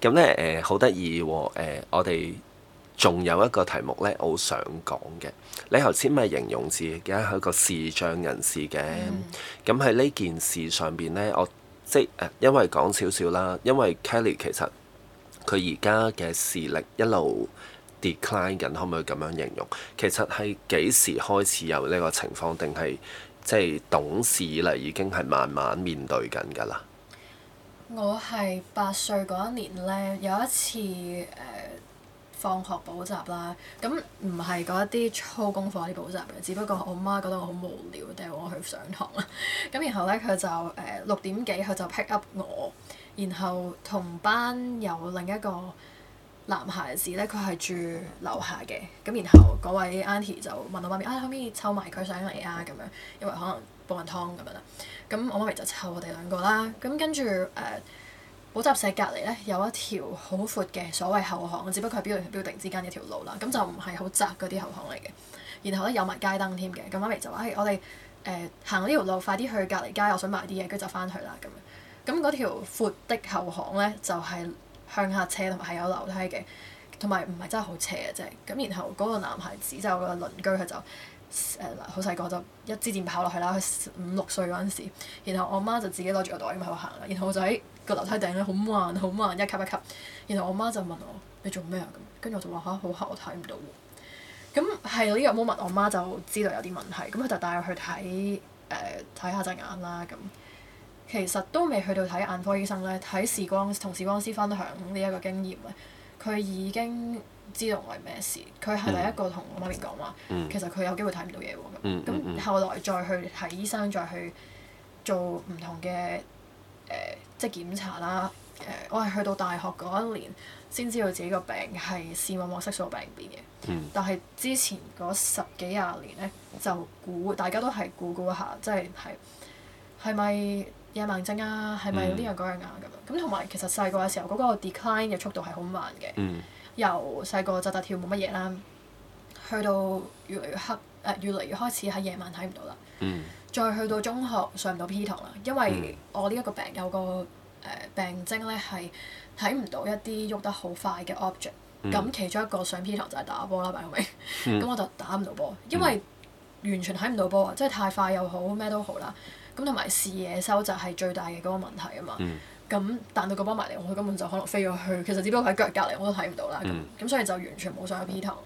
咁咧誒好得意喎！我哋仲有一個題目咧，我想講嘅。你頭先咪形容自己是而家係個視障人士嘅。咁喺呢件事上邊咧，我即係、呃、因為講少少啦。因為 Kelly 其實佢而家嘅視力一路 decline 緊，可唔可以咁樣形容？其實係幾時開始有呢個情況？定係即係懂事嚟已經係慢慢面對緊㗎啦。我係八歲嗰一年呢，有一次誒、呃、放學補習啦，咁唔係嗰一啲粗功課啲補習嘅，只不過我媽覺得我好無聊，掉我去上堂啦。咁然後呢，佢就誒六、呃、點幾佢就 pick up 我，然後同班有另一個男孩子呢，佢係住樓下嘅。咁然後嗰位 auntie 就問我媽咪啊，可唔可以湊埋佢上嚟啊？咁樣因為可能。煲人湯咁樣啦，咁我媽咪就湊我哋兩個啦，咁跟住誒補習社隔離呢，有一條好闊嘅所謂後巷，只不過係標定同標定之間一條路啦，咁就唔係好窄嗰啲後巷嚟嘅。然後呢，有埋街燈添嘅，咁媽咪就話，哎，我哋誒、呃、行呢條路快啲去隔離街，我想買啲嘢，跟住就翻去啦，咁咁，嗰條闊的後巷呢，就係、是、向下斜，同埋係有樓梯嘅，同埋唔係真係好斜嘅啫。咁然後嗰個男孩子就個、是、鄰居佢就。誒好細個就一支箭跑落去啦，佢五六歲嗰陣時，然後我媽就自己攞住個袋咁喺度行啦，然後就喺個樓梯頂咧好慢好慢一級一級，然後我媽就，就問我你做咩啊咁，跟住我就話吓，好黑我睇唔到喎，咁係呢個 moment 我媽就知道有啲問題，咁佢就帶我去睇誒睇下隻眼啦咁，其實都未去到睇眼科醫生咧，睇視光同視光師分享呢一個經驗咧，佢已經。知道我係咩事，佢係第一個同我媽咪講話，嗯、其實佢有機會睇唔到嘢喎。咁咁、嗯嗯嗯、後來再去睇醫生，再去做唔同嘅誒、呃，即係檢查啦。誒、呃，我係去到大學嗰一年先知道自己個病係視網膜色素病變嘅。嗯、但係之前嗰十幾廿年咧，就估大家都係估估下，即係係係咪夜盲症啊？係咪呢樣嗰樣啊？咁樣咁同埋其實細個嘅時候，嗰個 decline 嘅速度係好慢嘅。嗯由細個扎扎跳冇乜嘢啦，去到越嚟越黑，誒、呃、越嚟越開始喺夜晚睇唔到啦。嗯、再去到中學上唔到 P 堂啦，因為我呢一個病有個誒、呃、病徵呢係睇唔到一啲喐得好快嘅 object，嗯。咁其中一個上 P 堂就係打波啦，白永明，咁 我就打唔到波，因為完全睇唔到波啊，嗯、即係太快又好咩都好啦。咁同埋視野收窄係最大嘅嗰個問題啊嘛。嗯咁彈到個波埋嚟，我根本就可能飛咗去。其實只不過喺腳隔離，我都睇唔到啦。咁咁、嗯、所以就完全冇上過 P 堂。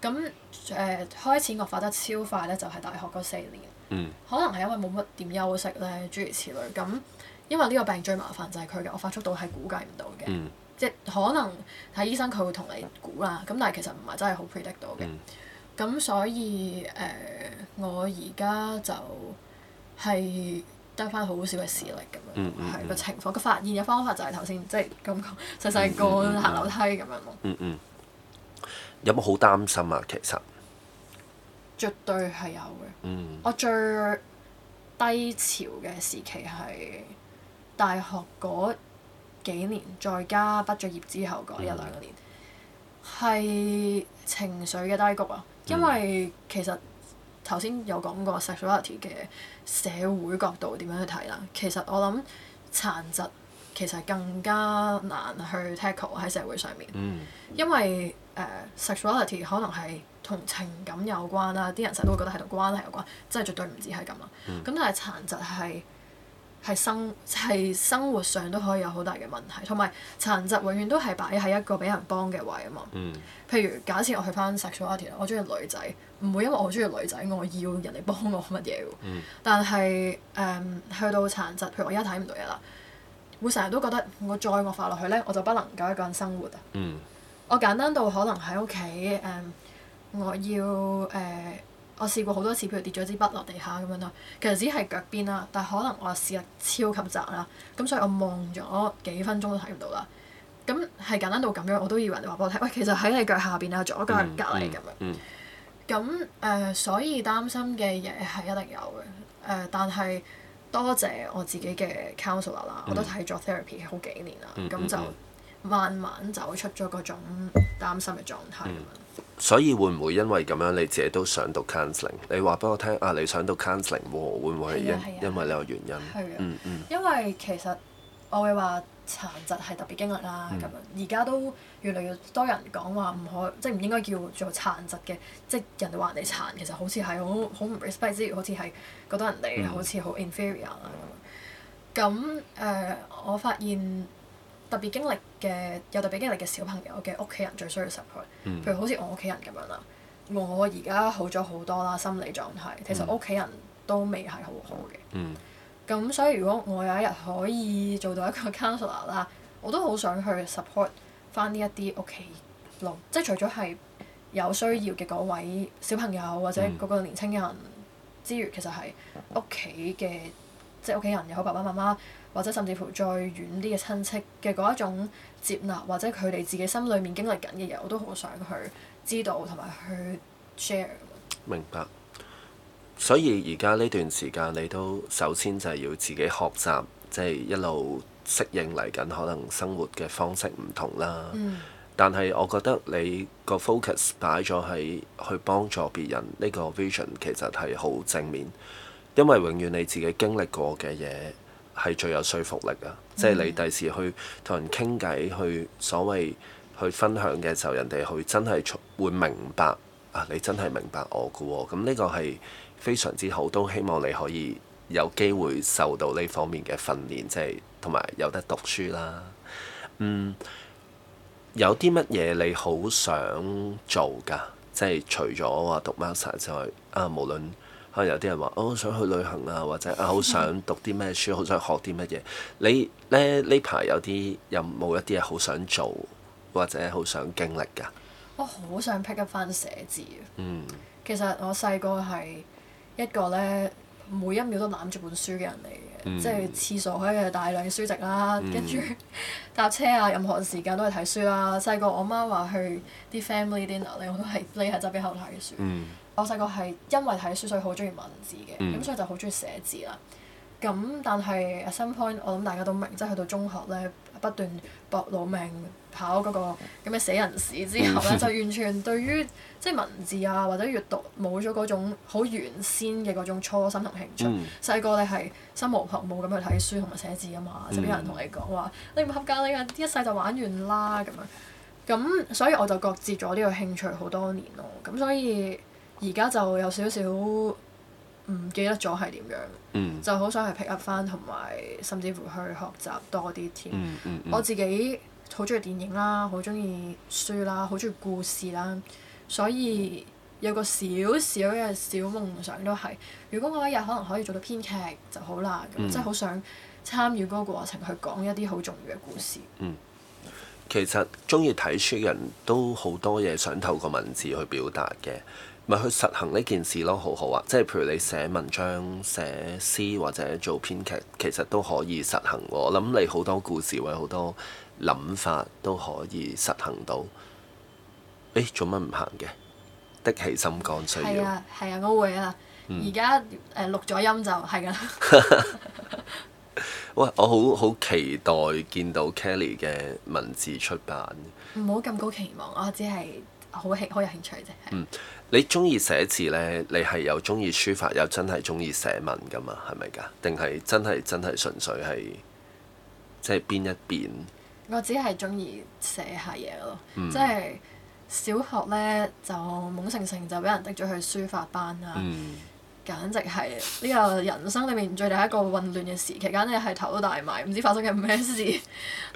咁誒、呃、開始惡化得超快咧，就係、是、大學嗰四年，嗯、可能係因為冇乜點休息咧，諸如此類。咁因為呢個病最麻煩就係佢嘅，惡化速度係估計唔到嘅，嗯、即係可能睇醫生佢會同你估啦。咁但係其實唔係真係好 predict 到嘅。咁、嗯、所以誒、呃，我而家就係、是。得翻好少嘅視力咁樣，係個、嗯嗯嗯、情況。個發現嘅方法就係頭先，即係咁講，細細個行樓梯咁、嗯嗯嗯、樣咯。嗯，嗯嗯。有冇好擔心啊？其實。絕對係有嘅。嗯，嗯。我最低潮嘅時期係大學嗰幾年，再加畢咗業之後嗰一兩、嗯嗯、年，係情緒嘅低谷啊！因為其實。頭先有講過 sexuality 嘅社會角度點樣去睇啦，其實我諗殘疾其實更加難去 tackle 喺社會上面，嗯、因為、uh, sexuality 可能係同情感有關啦，啲人成日都會覺得係同關係有關，即係絕對唔止係咁啦。咁、嗯、但係殘疾係係生係生活上都可以有好大嘅問題，同埋殘疾永遠都係擺喺一個俾人幫嘅位啊嘛。嗯、譬如假設我去返 sexuality，我中意女仔。唔會因為我中意女仔，我要人嚟幫我乜嘢。嗯、但係誒、嗯，去到殘疾，譬如我而家睇唔到嘢啦，會成日都覺得我再惡化落去呢，我就不能夠一個人生活啊。嗯、我簡單到可能喺屋企，我要誒、呃，我試過好多次，譬如跌咗支筆落地下咁樣啦，其實只係腳邊啦，但係可能我試得超級窄啦，咁所以我望咗幾分鐘都睇唔到啦。咁係簡單到咁樣，我都以為你話幫我睇，喂，其實喺你腳下邊啊，左腳隔離咁樣。嗯嗯嗯。咁誒、呃，所以擔心嘅嘢係一定有嘅，誒、呃，但係多謝我自己嘅 counselor 啦，我都睇咗 therapy 好幾年啦，咁、嗯嗯、就慢慢走出咗嗰種擔心嘅狀態。嗯、樣所以會唔會因為咁樣你自己都想讀 counseling？你話俾我聽啊，你想讀 counseling，會唔會係因因為呢個原因？嗯的嗯，嗯因為其實我會話殘疾係特別經歷啦，咁而家都。越嚟越多人講話唔可，即係唔應該叫做殘疾嘅，即係人哋話人哋殘，其實好似係好好唔 respect，即係好似係覺得人哋好似好 inferior 啊咁。咁、嗯呃、我發現特別經歷嘅，有特別經歷嘅小朋友嘅屋企人最需要 support、嗯。譬如好似我屋企人咁樣啦，我而家好咗好多啦，心理狀態其實屋企人都未係好好嘅。嗯。咁所以如果我有一日可以做到一個 counselor 啦，我都好想去 support。翻呢一啲屋企路，即係除咗係有需要嘅嗰位小朋友或者嗰個年青人之餘，嗯、其實係屋企嘅，即係屋企人又好，爸爸媽媽或者甚至乎再遠啲嘅親戚嘅嗰一種接納，或者佢哋自己心裏面經歷緊嘅嘢，我都好想去知道同埋去 share。明白。所以而家呢段時間，你都首先就係要自己學習，即係一路。適應嚟緊，可能生活嘅方式唔同啦。嗯、但係我覺得你個 focus 擺咗喺去幫助別人呢、呢個 vision，其實係好正面。因為永遠你自己經歷過嘅嘢係最有說服力啊！即係、嗯、你第時去同人傾偈、去所謂去分享嘅時候，人哋去真係會明白啊！你真係明白我噶喎、哦。咁呢個係非常之好，都希望你可以。有機會受到呢方面嘅訓練，即係同埋有得讀書啦。嗯，有啲乜嘢你好想做㗎？即係除咗話讀 master 之外，啊，無論可能有啲人話，哦，想去旅行啊，或者啊，好想讀啲咩書，好 想學啲乜嘢。你咧呢排有啲有冇一啲好想做，或者好想經歷㗎？我好想 pick up 翻寫字啊！嗯，其實我細個係一個咧。每一秒都攬住本書嘅人嚟嘅，嗯、即係廁所佢係大量嘅書籍啦，跟住搭車啊，任何時間都係睇書啦、啊。細個我媽話去啲 family dinner 咧，我都係匿喺側邊後台嘅書。嗯、我細個係因為睇書所以好中意文字嘅，咁、嗯、所以就好中意寫字啦。咁但係 at some point，我諗大家都明，即係去到中學咧，不斷搏老命。考嗰個咁嘅死人試之後咧， 就完全對於即係、就是、文字啊或者閱讀冇咗嗰種好原先嘅嗰種初心同興趣。細個、嗯、你係心無旁騖咁去睇書同埋寫字啊嘛，嗯、就畀人同你講話：你唔合格，你一一世就玩完啦咁樣。咁所以我就擱置咗呢個興趣好多年咯。咁所以而家就有少少唔記得咗係點樣，嗯、就好想去 pick up 翻同埋甚至乎去學習多啲添。嗯嗯嗯、我自己。好鍾意電影啦，好鍾意書啦，好鍾意故事啦，所以有個小小嘅小夢想都係，如果我一日可能可以做到編劇就好啦，咁、嗯、即係好想參與嗰個過程去講一啲好重要嘅故事。嗯，其實鍾意睇書嘅人都好多嘢想透過文字去表達嘅，咪、就是、去實行呢件事咯，好好啊！即係譬如你寫文章、寫詩或者做編劇，其實都可以實行。我諗你好多故事或者好多諗法都可以實行到，誒做乜唔行嘅？的起心肝需要。係啊，係啊，我會啊。而家誒錄咗音就係㗎喇。 喂，我好好期待見到 Kelly 嘅文字出版。唔好咁高期望，我只係好興、好有興趣啫。嗯，你中意寫字咧？你係有中意書法，有真係中意寫文噶嘛？係咪㗎？定係真係真係純粹係即係邊一邊？我只係中意寫下嘢咯，嗯、即係小學咧就懵成成就俾人拎咗去書法班啦、啊，嗯、簡直係呢個人生裏面最大一個混亂嘅時期，簡直係頭都大埋，唔知發生緊咩事。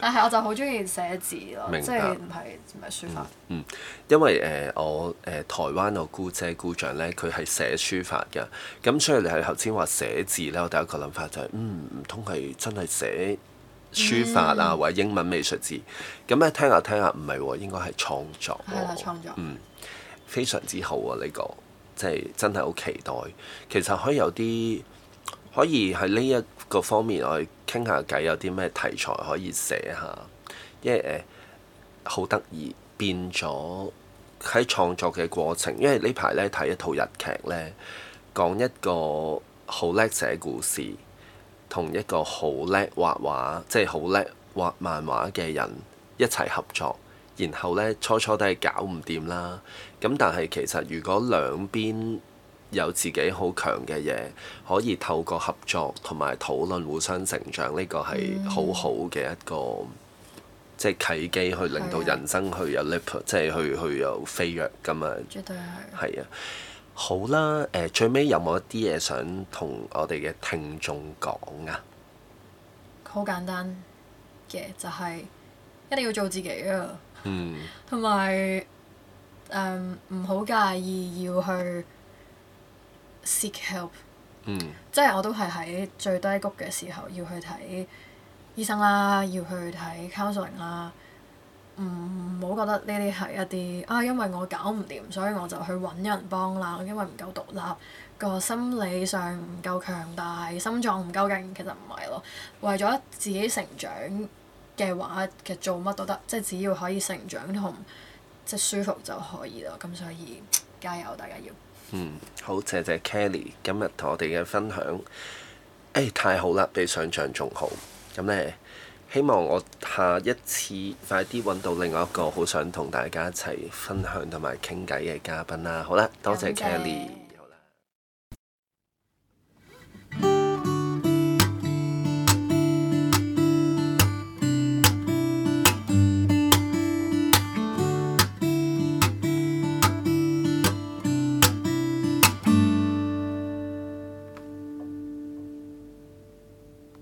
但係我就好中意寫字咯，白即係唔係唔係書法嗯？嗯，因為誒、呃、我誒、呃、台灣我姑姐姑丈咧，佢係寫書法㗎，咁所以你頭先話寫字咧，我第一個諗法就係、是，嗯，唔通係真係寫？書法啊，mm. 或者英文美術字，咁咧聽下聽下，唔係喎，應該係創作、哦、創作。係啦，創作。嗯，非常之好喎、啊，呢個即係真係好期待。其實可以有啲，可以喺呢一個方面去傾下偈，有啲咩題材可以寫下，因為誒好得意變咗喺創作嘅過程，因為呢排咧睇一套日劇咧，講一個好叻寫故事。同一個好叻畫畫，即係好叻畫漫畫嘅人一齊合作，然後呢，初初都係搞唔掂啦。咁但係其實如果兩邊有自己好強嘅嘢，可以透過合作同埋討論互相成長，呢個係好好嘅一個即係契機去令到人生去有 lift，即係去去有飛躍咁樣！絕對係。係啊。好啦，誒、呃、最尾有冇一啲嘢想同我哋嘅聽眾講啊？好簡單嘅就係、是、一定要做自己啊！嗯，同埋誒唔好介意要去 seek help。嗯。即係我都係喺最低谷嘅時候要去睇醫生啦，要去睇 counseling 啦。唔好、嗯、覺得呢啲係一啲啊，因為我搞唔掂，所以我就去揾人幫啦。因為唔夠獨立，個心理上唔夠強大，心臟唔夠勁，其實唔係咯。為咗自己成長嘅話，其實做乜都得，即係只要可以成長同即係舒服就可以咯。咁所以加油，大家要嗯好，謝謝 Kelly 今日同我哋嘅分享。誒、哎、太好啦，比想像仲好。咁咧～希望我下一次快啲揾到另外一個好想同大家一齊分享同埋傾偈嘅嘉賓啦。好啦，多謝 Kelly。